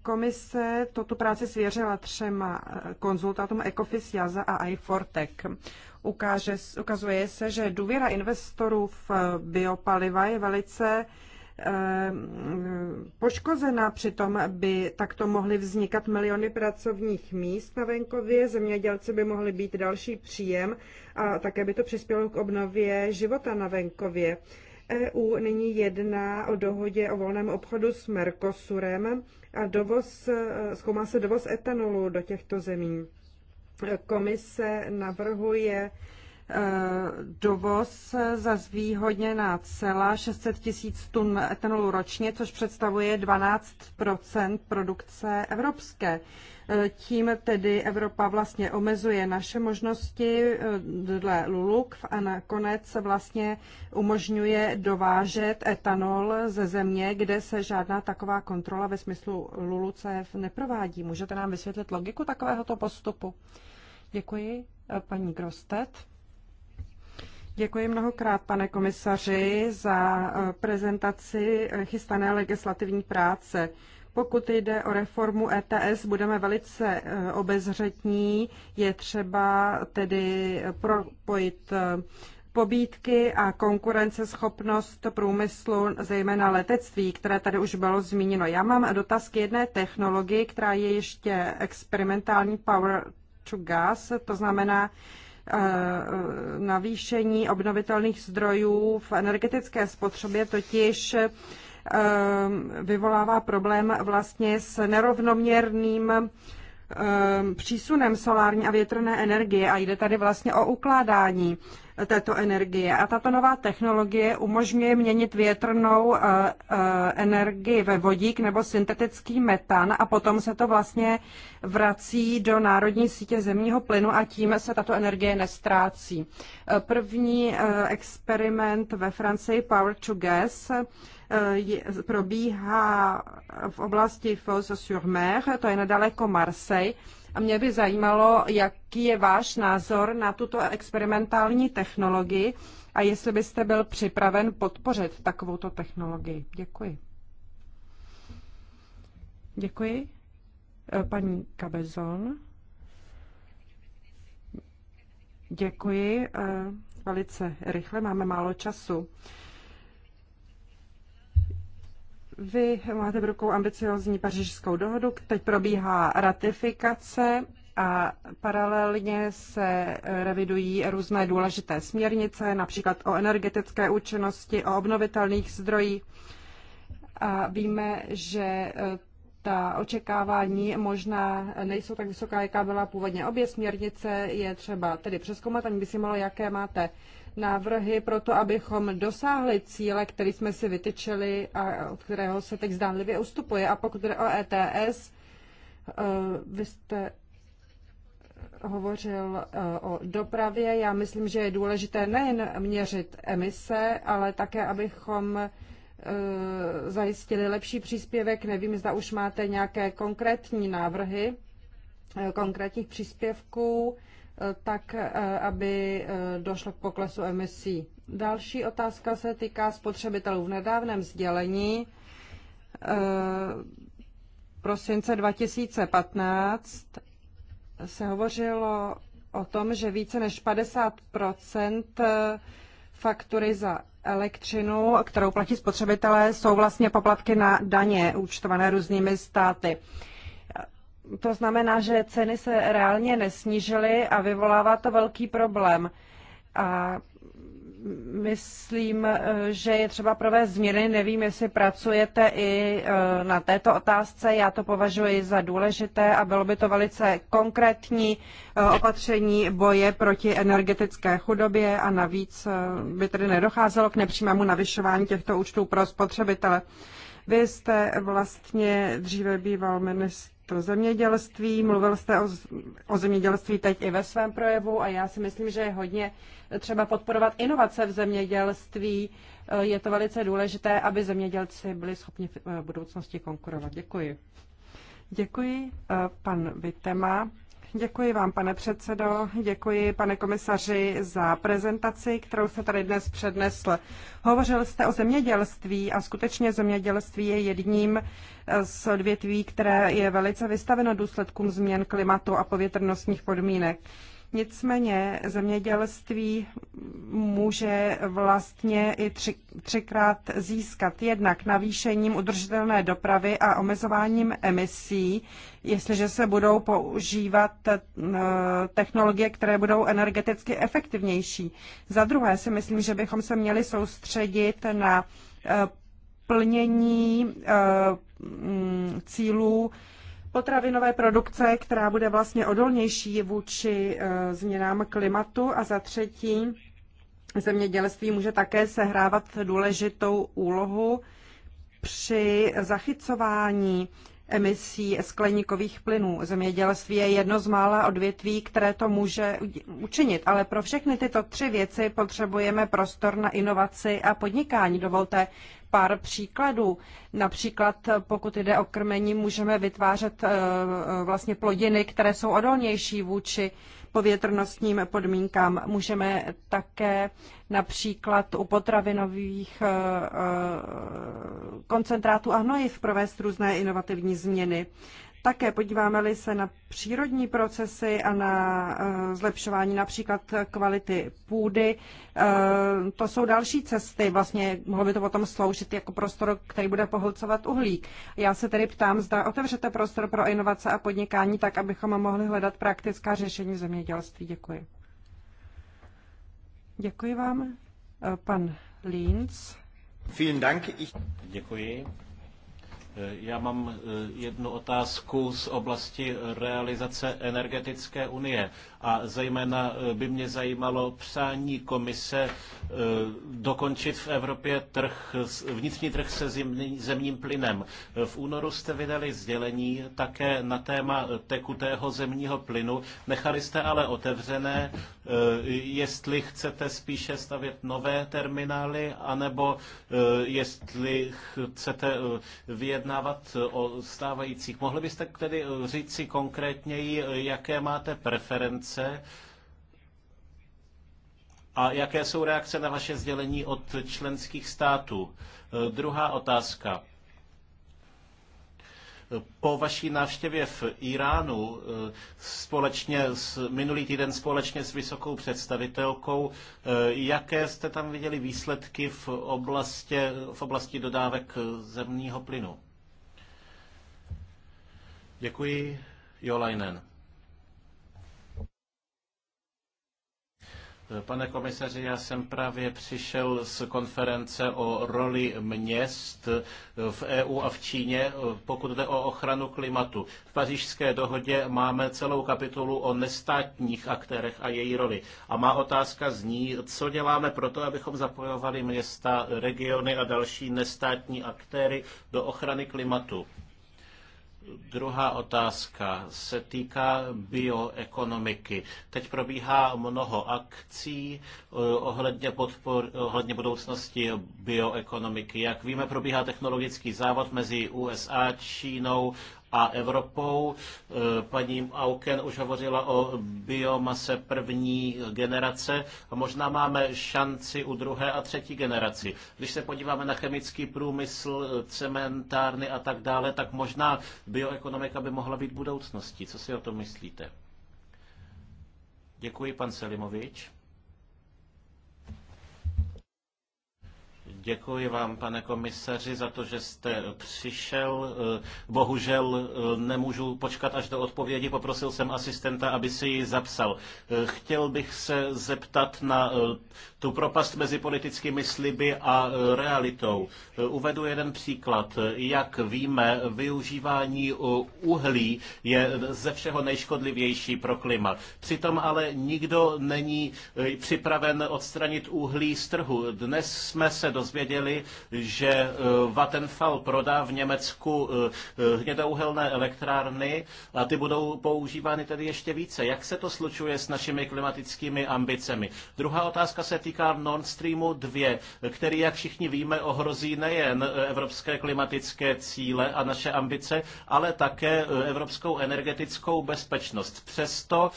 [SPEAKER 2] komise toto práci svěřila třema eh, konzultátům Ecofis, Jaza a iFortech. ukazuje se, že důvěra investorů v eh, biopaliva je velice uh, Eh, poškozena. Přitom by takto mohly vznikat miliony pracovních míst na venkově, zemědělci by mohli být další příjem a také by to přispělo k obnově života na venkově. EU nyní jedná o dohodě o volném obchodu s Mercosurem a dovoz, eh, zkoumá se dovoz etanolu do těchto zemí. Komise navrhuje dovoz za zvýhodněná cela 600 tisíc tun etanolu ročně, což představuje 12 produkce evropské. Tím tedy Evropa vlastně omezuje naše možnosti eh, dle LULUK a nakonec vlastně umožňuje dovážet etanol ze země, kde se žádná taková kontrola ve smyslu LULUCF neprovádí. Můžete nám vysvětlit logiku takovéhoto postupu? Děkuji, eh, paní Grostet. Děkuji mnohokrát, pane komisaři, za eh, prezentaci eh, chystané legislativní práce. Pokud jde o reformu ETS, budeme velice eh, obezřetní. Je třeba tedy propojit pobídky a konkurenceschopnost průmyslu, zejména letectví, které tady už bylo zmíněno. Já mám dotaz k jedné technologii, která je ještě experimentální power to gas, to znamená Eh, navýšení obnovitelných zdrojů v energetické spotřebě totiž eh, vyvolává problém vlastně s nerovnoměrným Ehm, přísunem solární a větrné energie a jde tady vlastně o ukládání této energie. A tato nová technologie umožňuje měnit větrnou eh, eh, energii ve vodík nebo syntetický metan a potom se to vlastně vrací do národní sítě zemního plynu a tím se tato energie nestrácí. Eh, první experiment ve Francii Power to Gas Eh, probíhá v oblasti Fos-sur-Mer, to je nedaleko Marseille. A mě by zajímalo, jaký je váš názor na tuto experimentální technologii a jestli byste byl připraven podpořit takovouto technologii. Děkuji. Děkuji. Eh, paní Kabezon. Děkuji. Eh, velice rychle, máme málo času. Vy máte v rukou ambiciozní pařížskou dohodu, teď probíhá ratifikace a paralelně se revidují různé důležité směrnice, například o energetické účinnosti, o obnovitelných zdrojích. A víme, že eh, ta očekávání možná nejsou tak vysoká, jaká byla původně. Obě směrnice je třeba tedy přeskoumat, ani by si mohlo, jaké máte návrhy pro to, abychom dosáhli cíle, který jsme si vytyčili a od kterého se teď zdánlivě ustupuje. A pokud jde o ETS, eh, vy jste hovořil eh, o dopravě. Já myslím, že je důležité nejen měřit emise, ale také, abychom eh, zajistili lepší příspěvek. Nevím, zda už máte nějaké konkrétní návrhy konkrétních příspěvků tak eh, aby eh, došlo k poklesu emisí. Další otázka se týká spotřebitelů. V nedávném sdělení eh, prosince 2015 se hovořilo o tom, že více než 50 faktury za elektřinu, kterou platí spotřebitelé, jsou vlastně poplatky na daně účtované různými státy. To znamená, že ceny se reálně nesnížily a vyvolává to velký problém. A myslím, že je třeba provést změny. Nevím, jestli pracujete i e, na této otázce. Já to považuji za důležité a bylo by to velice konkrétní e, opatření boje proti energetické chudobě a navíc e, by tedy nedocházelo k nepřímému navyšování těchto účtů pro spotřebitele. Vy jste vlastně dříve býval ministr zemědělství, mluvil jste o, o zemědělství teď i ve svém projevu a já si myslím, že je hodně třeba podporovat inovace v zemědělství. Eh, je to velice důležité, aby zemědělci byli schopni v eh, budoucnosti konkurovat. Děkuji. Děkuji, eh, pan Vitema. Děkuji vám, pane předsedo, děkuji, pane komisaři, za prezentaci, kterou jste tady dnes přednesl. Hovořil jste o zemědělství a skutečně zemědělství je jedním z odvětví, které je velice vystaveno důsledkům změn klimatu a povětrnostních podmínek. Nicméně zemědělství může vlastně i tři, třikrát získat jednak navýšením udržitelné dopravy a omezováním emisí, jestliže se budou používat eh, technologie, které budou energeticky efektivnější. Za druhé si myslím, že bychom se měli soustředit na eh, plnění eh, mm, cílů potravinové produkce, která bude vlastně odolnější vůči e, změnám klimatu a za třetí zemědělství může také sehrávat důležitou úlohu při zachycování emisí skleníkových plynů. Zemědělství je jedno z mála odvětví, které to může učinit, ale pro všechny tyto tři věci potřebujeme prostor na inovaci a podnikání. Dovolte, pár příkladů. Například pokud jde o krmení, můžeme vytvářet eh, eh, vlastně plodiny, které jsou odolnější vůči povětrnostním podmínkám. Můžeme také například u potravinových eh, koncentrátů a hnojiv provést různé inovativní změny. Také podíváme-li se na přírodní procesy a na eh, zlepšování například kvality půdy, eh, to jsou další cesty. Vlastně mohlo by to potom sloužit jako prostor, který bude pohlcovat uhlík. Já se tedy ptám, zda otevřete prostor pro inovace a podnikání tak, abychom mohli hledat praktická řešení v zemědělství. Děkuji. Děkuji vám. Eh, pan Linz.
[SPEAKER 1] Vielen Dank. Děkuji. Eh, já mám eh, jednu otázku z oblasti realizace energetické unie a zejména eh, by mě zajímalo přání komise dokončit v Evropě trh, vnitřní trh se zemním plynem. V únoru jste vydali sdělení také na téma tekutého zemního plynu. Nechali jste ale otevřené, jestli chcete spíše stavět nové terminály, anebo jestli chcete vyjednat vyjednávat e, o stávajících. Mohli byste tedy e, říct si konkrétněji, e, jaké máte preference a jaké jsou reakce na vaše sdělení od členských států? Druhá otázka. Po vaší návštěvě v Iránu společně s, minulý týden společně s vysokou představitelkou, jaké jste tam viděli výsledky v oblasti, v oblasti dodávek zemního plynu? Děkuji. Jolajnen. Pane komisaři, já jsem právě přišel z konference o roli měst v EU a v Číně, pokud jde o ochranu klimatu. V pařížské dohodě máme celou kapitolu o nestátních aktérech a její roli. A má otázka zní, co děláme pro to, abychom zapojovali města, regiony a další nestátní aktéry do ochrany klimatu. Druhá otázka se týká bioekonomiky. Teď probíhá mnoho akcí eh, ohledně, podpor, ohledně budoucnosti bioekonomiky. Jak víme, probíhá technologický závod mezi USA, Čínou a Evropou. Eh, paní Auken už hovořila o biomase první generace a možná máme šanci u druhé a třetí generaci. Když se podíváme na chemický průmysl, cementárny a tak dále, tak možná bioekonomika by mohla být budoucností. Co si o tom myslíte? Děkuji, pan Selimovič. Děkuji vám, pane komisaři, za to, že jste přišel. Eh, bohužel eh, nemůžu počkat až do odpovědi, poprosil jsem asistenta, aby si ji zapsal. Eh, chtěl bych se zeptat na tu propast mezi politickými sliby a realitou. Uvedu jeden příklad. Jak víme, využívání uhlí je ze všeho nejškodlivější pro klima. Přitom ale nikdo není připraven odstranit uhlí z trhu. Dnes jsme se dozvěděli, dozvěděli, že eh, Vattenfall prodá v Německu eh, eh, hnědouhelné elektrárny a ty budou používány tedy ještě více. Jak se to slučuje s našimi klimatickými ambicemi? Druhá otázka se týká Nord Streamu 2, který, jak všichni víme, ohrozí nejen evropské klimatické cíle a naše ambice, ale také evropskou energetickou bezpečnost. Přesto,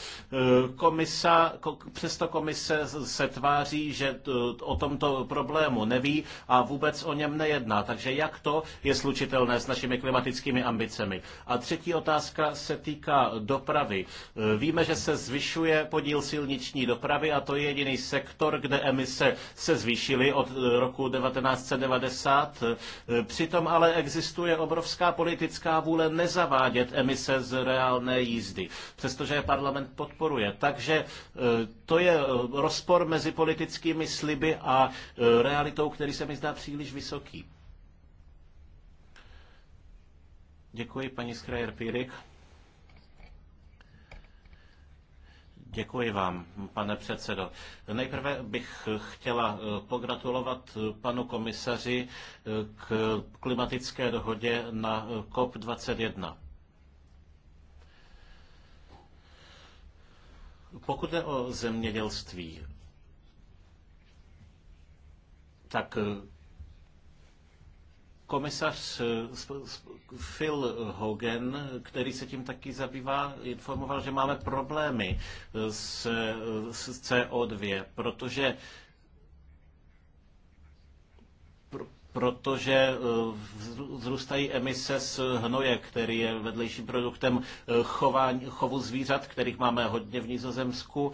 [SPEAKER 1] komisa, přesto komise se tváří, že o tomto problému neví a vůbec o něm nejedná. Takže jak to je slučitelné s našimi klimatickými ambicemi? A třetí otázka se týká dopravy. E, víme, že se zvyšuje podíl silniční dopravy a to je jediný sektor, kde emise se zvýšily od e, roku 1990. E, přitom ale existuje obrovská politická vůle nezavádět emise z reálné jízdy, přestože je parlament podporuje. Takže to je rozpor mezi politickými sliby a realitou, který který se mi zdá příliš vysoký. Děkuji, paní Skrajer Pírik. Děkuji vám, pane předsedo. Nejprve bych chtěla eh, pogratulovat eh, panu komisaři eh, k klimatické dohodě na COP21. Pokud je o zemědělství, tak eh, komisař eh, Phil Hogan, který se tím taky zabývá, informoval, že máme problémy eh, s, s CO2, protože protože vzrůstají emise z hnoje, který je vedlejším produktem chování, chovu zvířat, kterých máme hodně v Nizozemsku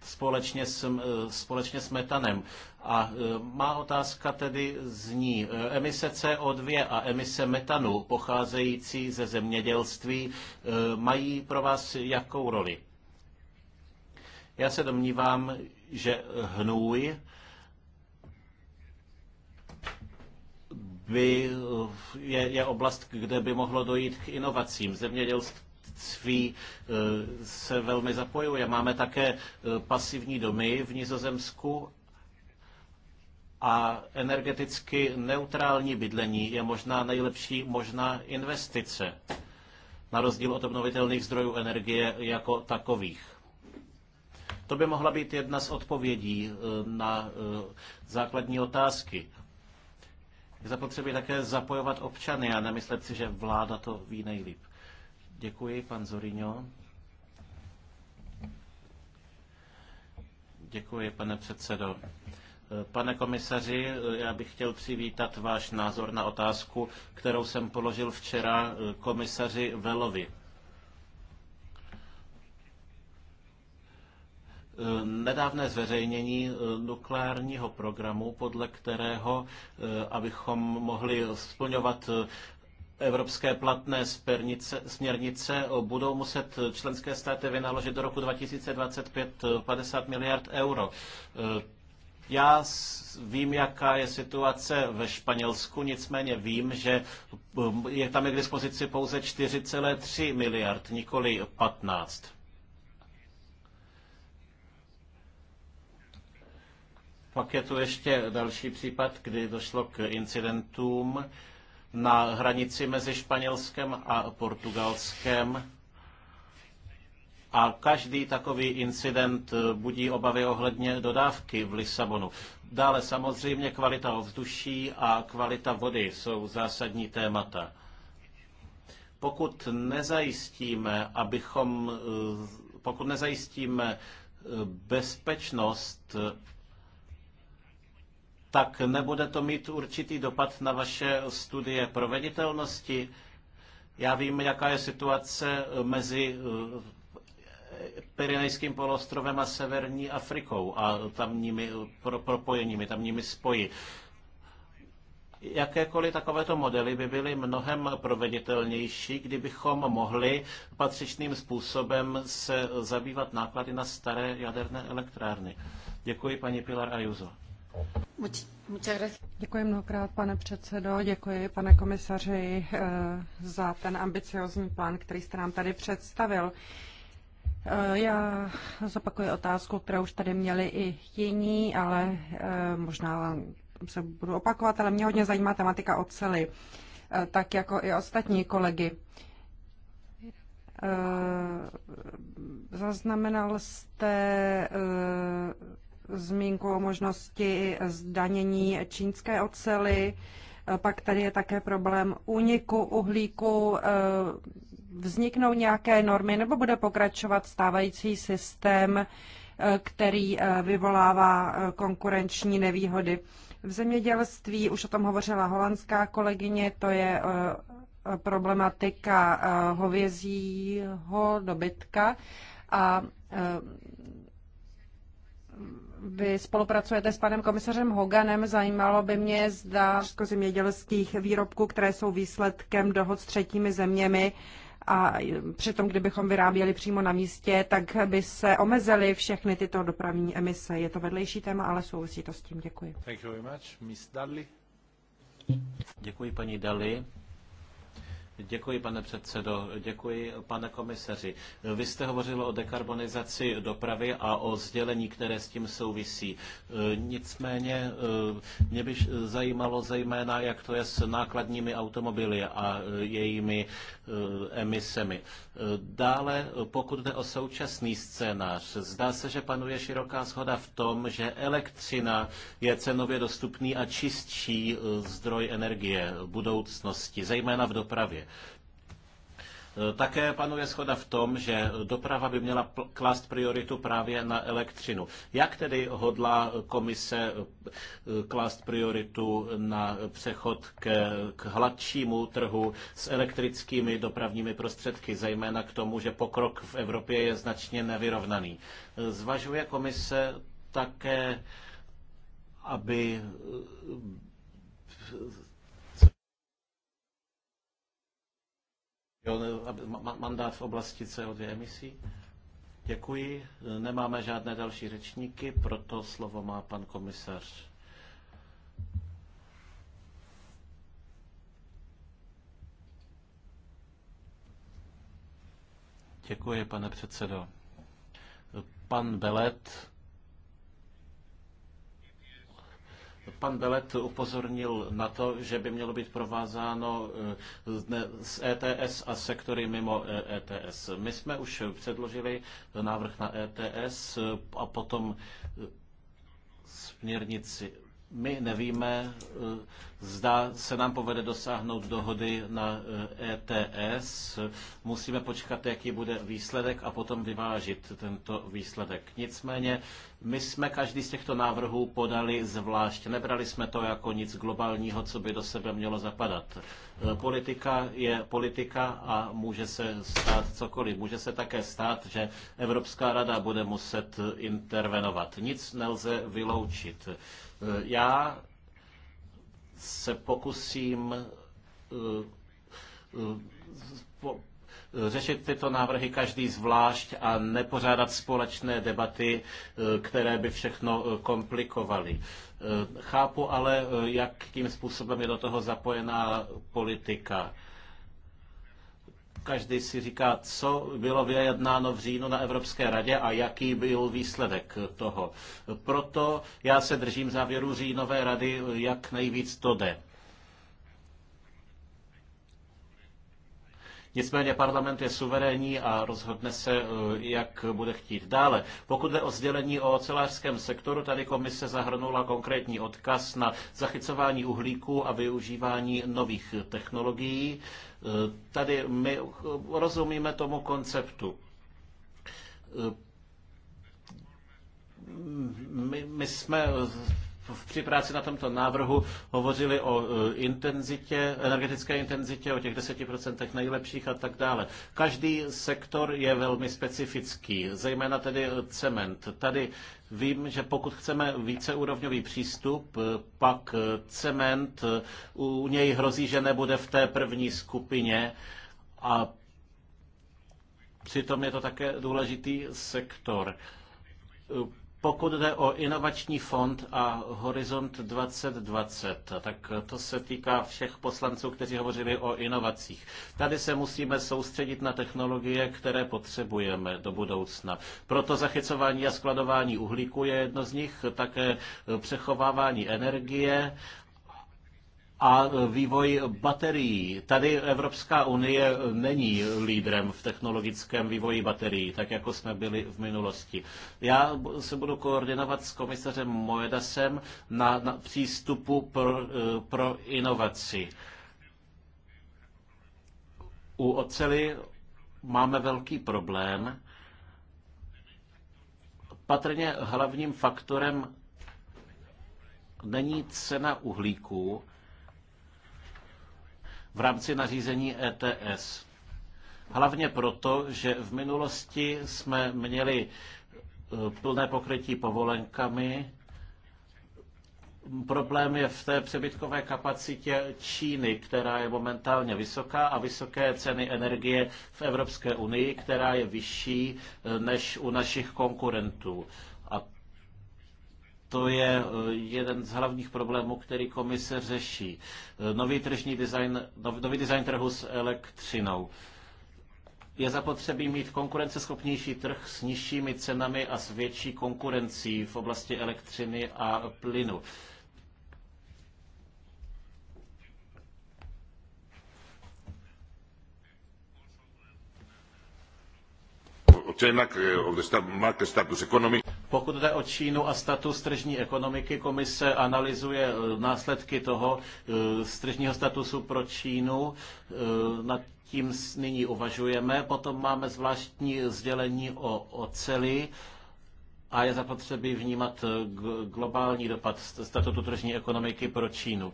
[SPEAKER 1] společně s, e, společně s metanem. A e, má otázka tedy zní, e, emise CO2 a emise metanu pocházející ze zemědělství mají pro vás jakou roli? Já se domnívám, že hnůj by je, je oblast, kde by mohlo dojít k inovacím. Zemědělství vlastnictví eh, se velmi zapojuje. Máme také eh, pasivní domy v Nizozemsku a energeticky neutrální bydlení je možná nejlepší možná investice, na rozdíl od obnovitelných zdrojů energie jako takových. To by mohla být jedna z odpovědí eh, na základní otázky. Je zapotřebí také zapojovat občany a nemyslet si, že vláda to ví nejlíp. Děkuji, pan Zorino. Děkuji, pane předsedo. Pane komisaři, já bych chtěl přivítat váš názor na otázku, kterou jsem položil včera komisaři Velovi. nedávné zveřejnění nukleárního programu, podle kterého, eh, abychom mohli splňovat eh, evropské platné směrnice, směrnice budou muset členské státy vynaložit do roku 2025 50 eh, miliard euro. Eh, já vím, jaká je situace ve Španělsku, nicméně vím, že eh, je tam je k dispozici pouze 4,3 miliard, nikoli 15. Pak je tu ještě další případ, kdy došlo k incidentům na hranici mezi Španělskem a Portugalskem. A každý takový incident budí obavy ohledně dodávky v Lisabonu. Dále samozřejmě kvalita ovzduší a kvalita vody jsou zásadní témata. Pokud nezajistíme, abychom, eh, pokud nezajistíme eh, bezpečnost tak nebude to mít určitý dopad na vaše studie proveditelnosti? Já vím, jaká je situace eh, mezi eh, Pirinejským poloostrovem a severní Afrikou a tamními eh, pro, propojeními, tamními spoji. Jakékoliv takovéto modely by byly mnohem proveditelnější, kdybychom mohli patřičným způsobem se zabývat náklady na staré jaderné elektrárny. Děkuji paní Pilar Ajuzo.
[SPEAKER 2] Děkuji mnohokrát, pane předsedo, děkuji, pane komisaři, eh, za ten ambiciozní plán, který jste nám tady představil. Eh, já zopakuji otázku, kterou už tady měli i jiní, ale eh, možná se budu opakovat, ale mě hodně zajímá tematika ocely, tak jako i ostatní kolegy. Zaznamenal jste zmínku o možnosti zdanění čínské ocely. Pak tady je také problém úniku uhlíku. Eh, vzniknou nějaké normy nebo bude pokračovat stávající systém, eh, který eh, vyvolává konkurenční nevýhody? V zemědělství, už o tom hovořila holandská kolegyně, to je problematika hovězího dobytka a vy spolupracujete s panem komisařem Hoganem. Zajímalo by mě, zda zemědělských výrobků, které jsou výsledkem dohod s třetími zeměmi, a přitom, kdybychom vyráběli přímo na místě, tak by se omezily všechny tyto dopravní emise. Je to vedlejší téma, ale souvisí to s tím.
[SPEAKER 1] Děkuji. Thank you very much. Miss Dudley. Děkuji paní Dali. Děkuji, pane předsedo, děkuji, pane komisaři. Vy jste hovořil o dekarbonizaci dopravy a o sdělení, které s tím souvisí. Nicméně eh, mě by zajímalo zejména, jak to je s nákladními automobily a eh, jejími eh, emisemi. Dále, pokud jde o současný scénář, zdá se, že panuje široká shoda v tom, že elektřina je cenově dostupný a čistší zdroj energie budoucnosti, zejména v dopravě. Eh, také panuje schoda v tom, že doprava by měla klást prioritu právě na elektřinu. Jak tedy hodlá komise eh, klást prioritu na přechod k, k hladšímu trhu s elektrickými dopravními prostředky, zejména k tomu, že pokrok v Evropě je značně nevyrovnaný? Eh, zvažuje komise také, aby Jo, mandát v oblasti CO2 emisí. Děkuji. Nemáme žádné další řečníky, proto slovo má pan komisař. Děkuji, pane předsedo. Pan Belet Pan Belet upozornil na to, že by mělo být provázáno eh, e s ETS a sektory mimo ETS. Eh, e My jsme už předložili návrh na ETS eh, a potom směrnici my nevíme, eh, zda se nám povede dosáhnout dohody na ETS. Eh, e Musíme počkat, jaký bude výsledek a potom vyvážit tento výsledek. Nicméně my jsme každý z těchto návrhů podali zvlášť. Nebrali jsme to jako nic globálního, co by do sebe mělo zapadat. Eh, politika je politika a může se stát cokoliv. Může se také stát, že Evropská rada bude muset intervenovat. Nic nelze vyloučit. Eh, já se pokusím eh, eh, řešit tyto návrhy každý zvlášť a nepořádat společné debaty, které by všechno komplikovaly. Chápu ale, jakým způsobem je do toho zapojená politika. Každý si říká, co bylo vyjednáno v říjnu na Evropské radě a jaký byl výsledek toho. Proto já se držím závěru říjnové rady, jak nejvíc to jde. Nicméně parlament je suverénní a rozhodne se, eh, jak bude chtít dále. Pokud jde o sdělení o ocelářském sektoru, tady komise zahrnula konkrétní odkaz na zachycování uhlíku a využívání nových technologií. Eh, tady my rozumíme tomu konceptu. Eh, my, my jsme při práci na tomto návrhu hovořili o e, intenzitě, energetické intenzitě, o těch 10% nejlepších a tak dále. Každý sektor je velmi specifický, zejména tedy cement. Tady Vím, že pokud chceme víceúrovňový přístup, e, pak e, cement, u něj hrozí, že nebude v té první skupině a přitom je to také důležitý sektor. Pokud jde o inovační fond a Horizont 2020, tak to se týká všech poslanců, kteří hovořili o inovacích. Tady se musíme soustředit na technologie, které potřebujeme do budoucna. Proto zachycování a skladování uhlíku je jedno z nich, také přechovávání energie, a vývoj baterií. Tady Evropská unie není lídrem v technologickém vývoji baterií, tak jako jsme byli v minulosti. Já se budu koordinovat s komisařem Moedasem na, na přístupu pro, pro inovaci. U oceli máme velký problém. Patrně hlavním faktorem není cena uhlíku, v rámci nařízení ETS. Hlavně proto, že v minulosti jsme měli e, plné pokrytí povolenkami. Problém je v té přebytkové kapacitě Číny, která je momentálně vysoká a vysoké ceny energie v Evropské unii, která je vyšší e, než u našich konkurentů to je eh, jeden z hlavních problémů, který komise řeší. Eh, nový tržní design, nový design trhu s elektřinou. Je zapotřebí mít konkurenceschopnější trh s nižšími cenami a s větší konkurencí v oblasti elektřiny a plynu. Eh, market status Pokud jde o Čínu a status tržní ekonomiky, komise analyzuje eh, následky toho eh, tržního statusu pro Čínu. Nad tím nyní uvažujeme. Potom máme zvláštní sdělení o oceli a je zapotřebí vnímat globální dopad statutu tržní ekonomiky pro Čínu.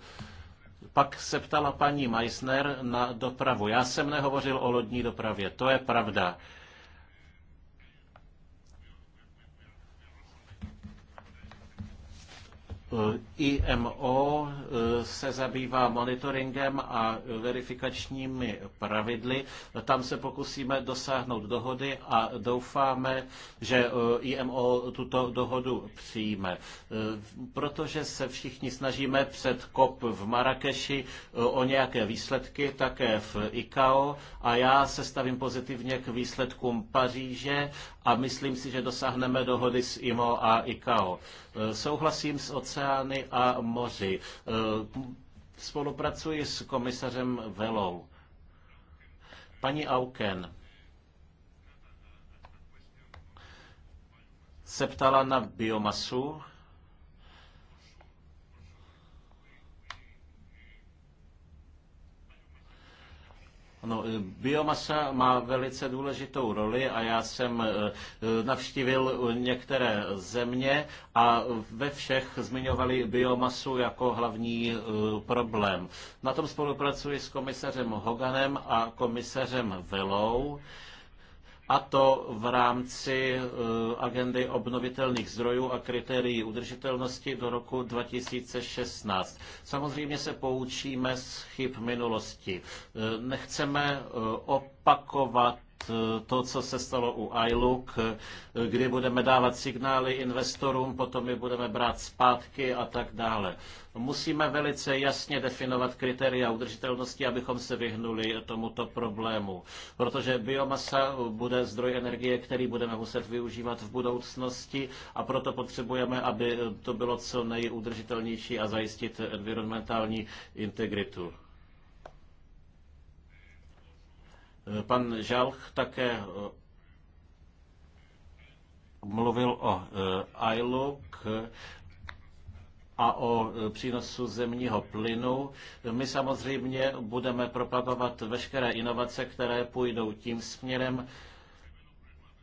[SPEAKER 1] Pak se ptala paní Meissner na dopravu. Já jsem nehovořil o lodní dopravě, to je pravda. IMO eh, se zabývá monitoringem a verifikačními pravidly. Tam se pokusíme dosáhnout dohody a doufáme, že eh, IMO tuto dohodu přijme. Eh, protože se všichni snažíme před COP v Marrakeši o nějaké výsledky, také v ICAO a já se stavím pozitivně k výsledkům Paříže a myslím si, že dosáhneme dohody s IMO a ICAO. E, souhlasím s oceány a moři. E, spolupracuji s komisařem Velou. Paní Auken se ptala na biomasu No, eh, biomasa má velice důležitou roli a já jsem eh, eh, navštívil některé země a ve všech zmiňovali biomasu jako hlavní problém. Na tom spolupracuji s komisařem Hoganem a komisařem Velou a to v rámci eh, agendy obnovitelných zdrojů a kritérií udržitelnosti do roku 2016. Samozřejmě se poučíme z chyb minulosti. Eh, nechceme eh, opakovat to, co se stalo u iLook, kdy budeme dávat signály investorům, potom je budeme brát zpátky a tak dále. Musíme velice jasně definovat kritéria udržitelnosti, abychom se vyhnuli tomuto problému, protože biomasa bude zdroj energie, který budeme muset využívat v budoucnosti a proto potřebujeme, aby to bylo co nejudržitelnější a zajistit environmentální integritu. Eh, pan Žalch také eh, mluvil o eh, ILOC a o přínosu zemního plynu. My samozřejmě budeme propagovat veškeré inovace, které půjdou tím směrem,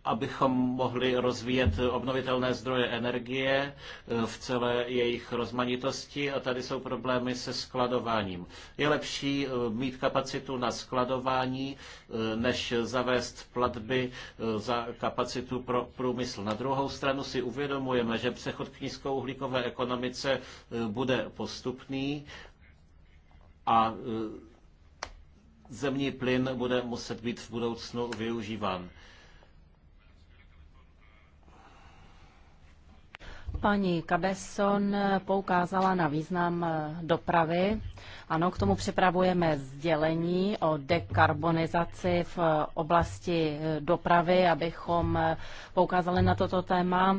[SPEAKER 1] abychom mohli rozvíjet obnovitelné zdroje energie eh, v celé jejich rozmanitosti a tady jsou problémy se skladováním. Je lepší eh, mít kapacitu na skladování, eh, než zavést platby za kapacitu pro průmysl. Na druhou stranu si uvědomujeme, že přechod k nízkouhlíkové ekonomice bude postupný a zemní plyn bude muset být v budoucnu využíván.
[SPEAKER 3] paní Cabesson poukázala na význam eh, dopravy. Ano, k tomu připravujeme sdělení o dekarbonizaci v eh, oblasti eh, dopravy, abychom poukázali na toto téma,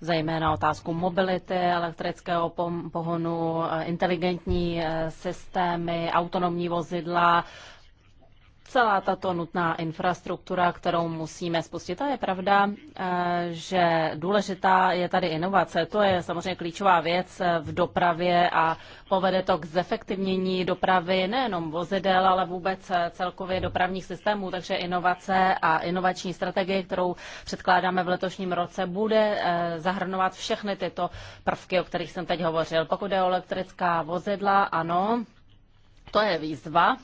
[SPEAKER 3] zejména otázku mobility, elektrického pohonu, inteligentní systémy, autonomní vozidla, celá tato nutná infrastruktura, kterou musíme spustit. A je pravda, eh, že důležitá je tady inovace. To je samozřejmě klíčová věc v dopravě a povede to k zefektivnění dopravy nejenom vozidel, ale vůbec eh, celkově dopravních systémů. Takže inovace a inovační strategie, kterou předkládáme v letošním roce, bude eh, zahrnovat všechny tyto prvky, o kterých jsem teď hovořil. Pokud je o elektrická vozidla, ano, to je výzva.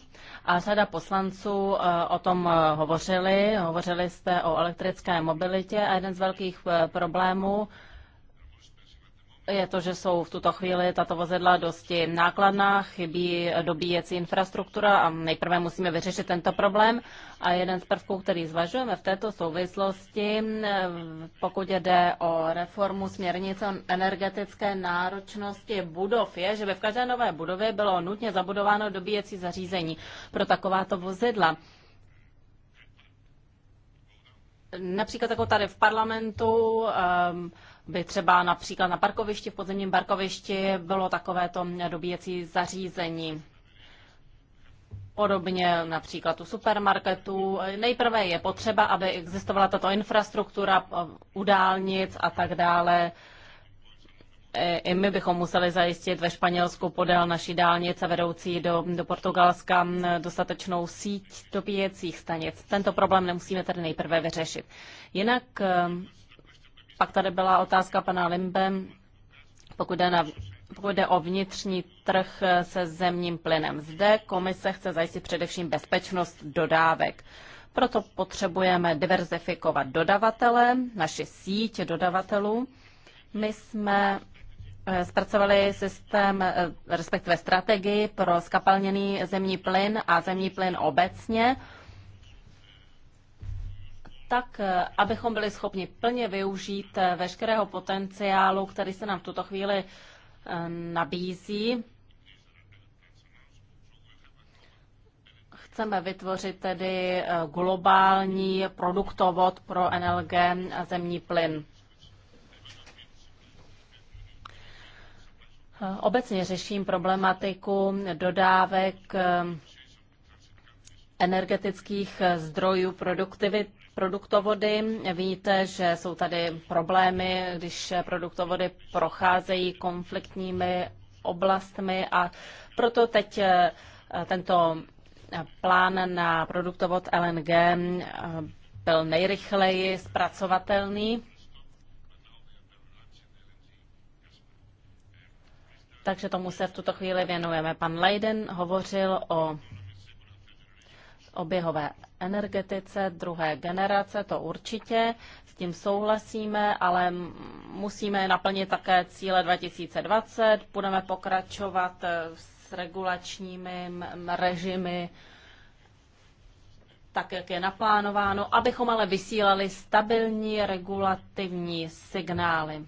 [SPEAKER 3] A řada poslanců eh, o tom eh, hovořili. Hovořili jste o elektrické mobilitě a jeden z velkých eh, problémů je to, že jsou v tuto chvíli tato vozidla dosti nákladná, chybí dobíjecí infrastruktura a nejprve musíme vyřešit tento problém. A jeden z prvků, který zvažujeme v této souvislosti, pokud jde o reformu směrnice o energetické náročnosti budov, je, že by v každé nové budově bylo nutně zabudováno dobíjecí zařízení pro takováto vozidla. Například jako tady v parlamentu um, by třeba například na parkovišti, v podzemním parkovišti bylo takovéto dobíjecí zařízení. Podobně například u supermarketů. Nejprve je potřeba, aby existovala tato infrastruktura eh, u dálnic a tak dále. Eh, I my bychom museli zajistit ve Španělsku podél naší dálnice vedoucí do, do Portugalska dostatečnou síť dobíjecích stanic. Tento problém nemusíme tedy nejprve vyřešit. Jinak eh, pak tady byla otázka pana Limbe, pokud jde, na, pokud jde o vnitřní trh eh, se zemním plynem. Zde komise chce zajistit především bezpečnost dodávek. Proto potřebujeme diverzifikovat dodavatele, naši síť dodavatelů. My jsme eh, zpracovali systém, eh, respektive strategii pro skapalněný zemní plyn a zemní plyn obecně tak, eh, abychom byli schopni plně využít eh, veškerého potenciálu, který se nám v tuto chvíli eh, nabízí. Chceme vytvořit tedy globální produktovod pro NLG a zemní plyn. Obecně řeším problematiku dodávek energetických zdrojů produktivit, produktovody. Víte, že jsou tady problémy, když produktovody procházejí konfliktními oblastmi a proto teď eh, tento eh, plán na produktovod LNG eh, byl nejrychleji zpracovatelný. Takže tomu se v tuto chvíli věnujeme. Pan Leiden hovořil o oběhové energetice druhé generace, to určitě, s tím souhlasíme, ale musíme naplnit také cíle 2020, budeme pokračovat eh, s regulačními režimy, tak, jak je naplánováno, abychom ale vysílali stabilní regulativní signály.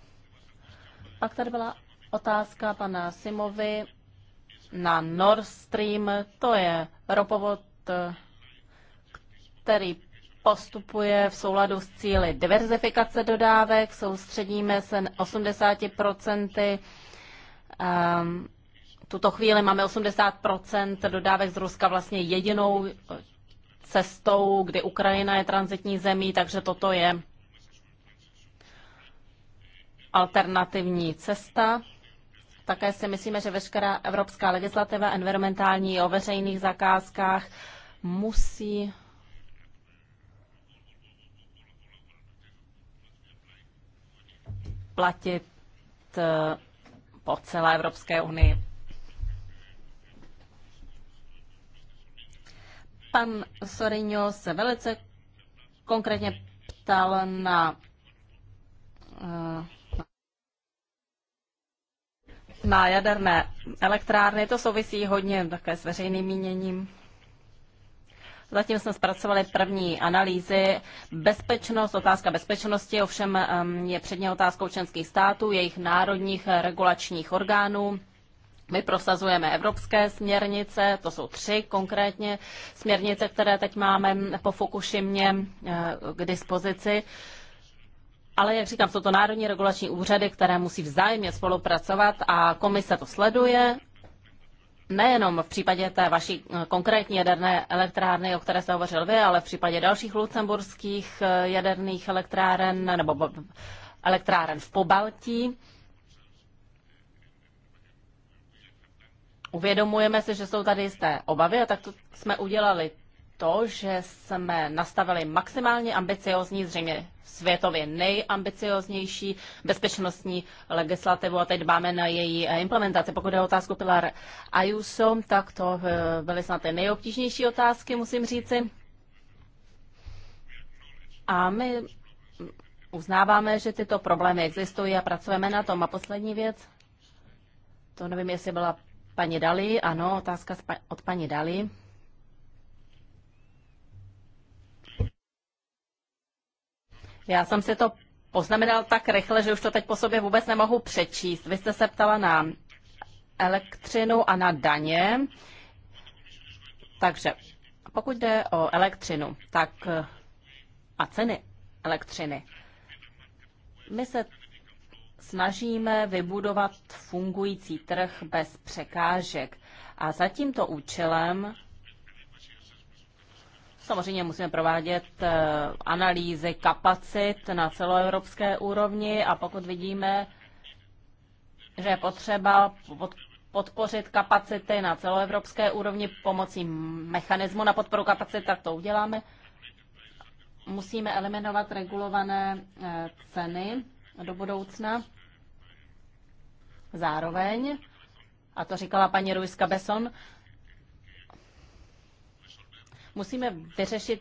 [SPEAKER 3] Pak tady byla otázka pana Simovi na Nord Stream, to je ropovod eh, který postupuje v souladu s cíly diverzifikace dodávek, soustředíme se na 80%. Um, ehm, tuto chvíli máme 80% dodávek z Ruska vlastně jedinou eh, cestou, kdy Ukrajina je transitní zemí, takže toto je alternativní cesta. Také si myslíme, že veškerá evropská legislativa environmentální o veřejných zakázkách musí platit eh, po celé Evropské unii. Pan Sorino se velice konkrétně ptal na eh, na jaderné elektrárny. To souvisí hodně také s veřejným míněním. Zatím jsme zpracovali první analýzy. Bezpečnost, otázka bezpečnosti ovšem um, je předně otázkou členských států, jejich národních regulačních orgánů. My prosazujeme evropské směrnice, to jsou tři konkrétně směrnice, které teď máme po Fukushimě uh, k dispozici. Ale jak říkám, jsou to národní regulační úřady, které musí vzájemně spolupracovat a komise to sleduje nejenom v případě té vaší eh, konkrétní jaderné elektrárny, o které jste hovořil vy, ale v případě dalších lucemburských eh, jaderných elektráren nebo elektráren v Pobaltí. Uvědomujeme si, že jsou tady jisté obavy a tak to jsme udělali to, že jsme nastavili maximálně ambiciozní, zřejmě světově nejambicioznější bezpečnostní legislativu a teď dbáme na její implementaci. Pokud je o otázku Pilar Ayuso, tak to eh, byly snad ty nejobtížnější otázky, musím říci. A my uznáváme, že tyto problémy existují a pracujeme na tom. A poslední věc, to nevím, jestli byla paní Dali, ano, otázka od paní Dali. Já jsem si to poznamenal tak rychle, že už to teď po sobě vůbec nemohu přečíst. Vy jste se ptala na elektřinu a na daně. Takže pokud jde o elektřinu, tak a ceny elektřiny. My se snažíme vybudovat fungující trh bez překážek. A za tímto účelem Samozřejmě musíme provádět eh, analýzy kapacit na celoevropské úrovni a pokud vidíme, že je potřeba podpořit kapacity na celoevropské úrovni pomocí mechanismu na podporu kapacit, tak to uděláme. Musíme eliminovat regulované eh, ceny do budoucna. Zároveň, a to říkala paní Ruiska Beson musíme vyřešit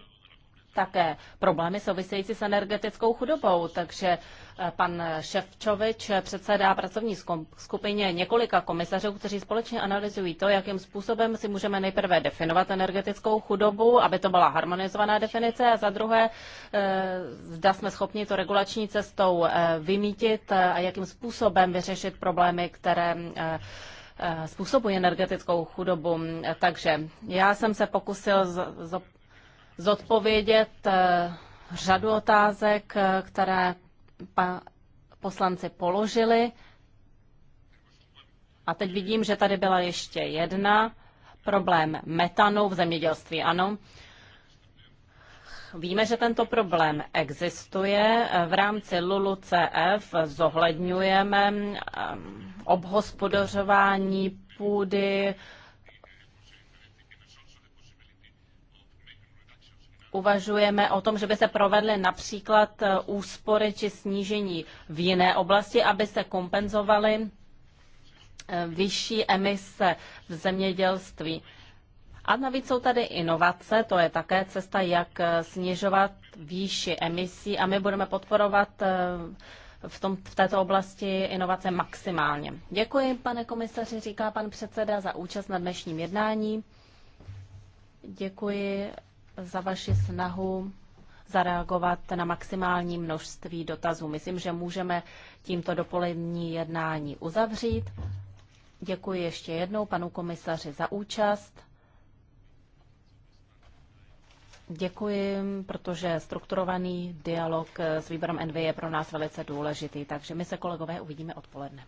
[SPEAKER 3] také problémy související s energetickou chudobou. Takže eh, pan Ševčovič předsedá pracovní skupině několika komisařů, kteří společně analyzují to, jakým způsobem si můžeme nejprve definovat energetickou chudobu, aby to byla harmonizovaná definice, a za druhé, eh, zda jsme schopni to regulační cestou eh, vymítit a jakým způsobem vyřešit problémy, které Eh, způsobují energetickou chudobu. Takže já jsem se pokusil zodpovědět eh, řadu otázek, eh, které poslanci položili. A teď vidím, že tady byla ještě jedna. Problém metanu v zemědělství, ano. Víme, že tento problém existuje. V rámci LULU-CF zohledňujeme um, obhospodařování půdy, uvažujeme o tom, že by se provedly například uh, úspory či snížení v jiné oblasti, aby se kompenzovaly uh, vyšší emise v zemědělství. A navíc jsou tady inovace, to je také cesta, jak eh, snižovat výši emisí a my budeme podporovat eh, v, tom, v této oblasti inovace maximálně. Děkuji, pane komisaři, říká pan předseda, za účast na dnešním jednání. Děkuji za vaši snahu zareagovat na maximální množství dotazů. Myslím, že můžeme tímto dopolední jednání uzavřít. Děkuji ještě jednou panu komisaři za účast. Děkuji, protože strukturovaný dialog s výborem NV je pro nás velice důležitý, takže my se kolegové uvidíme odpoledne.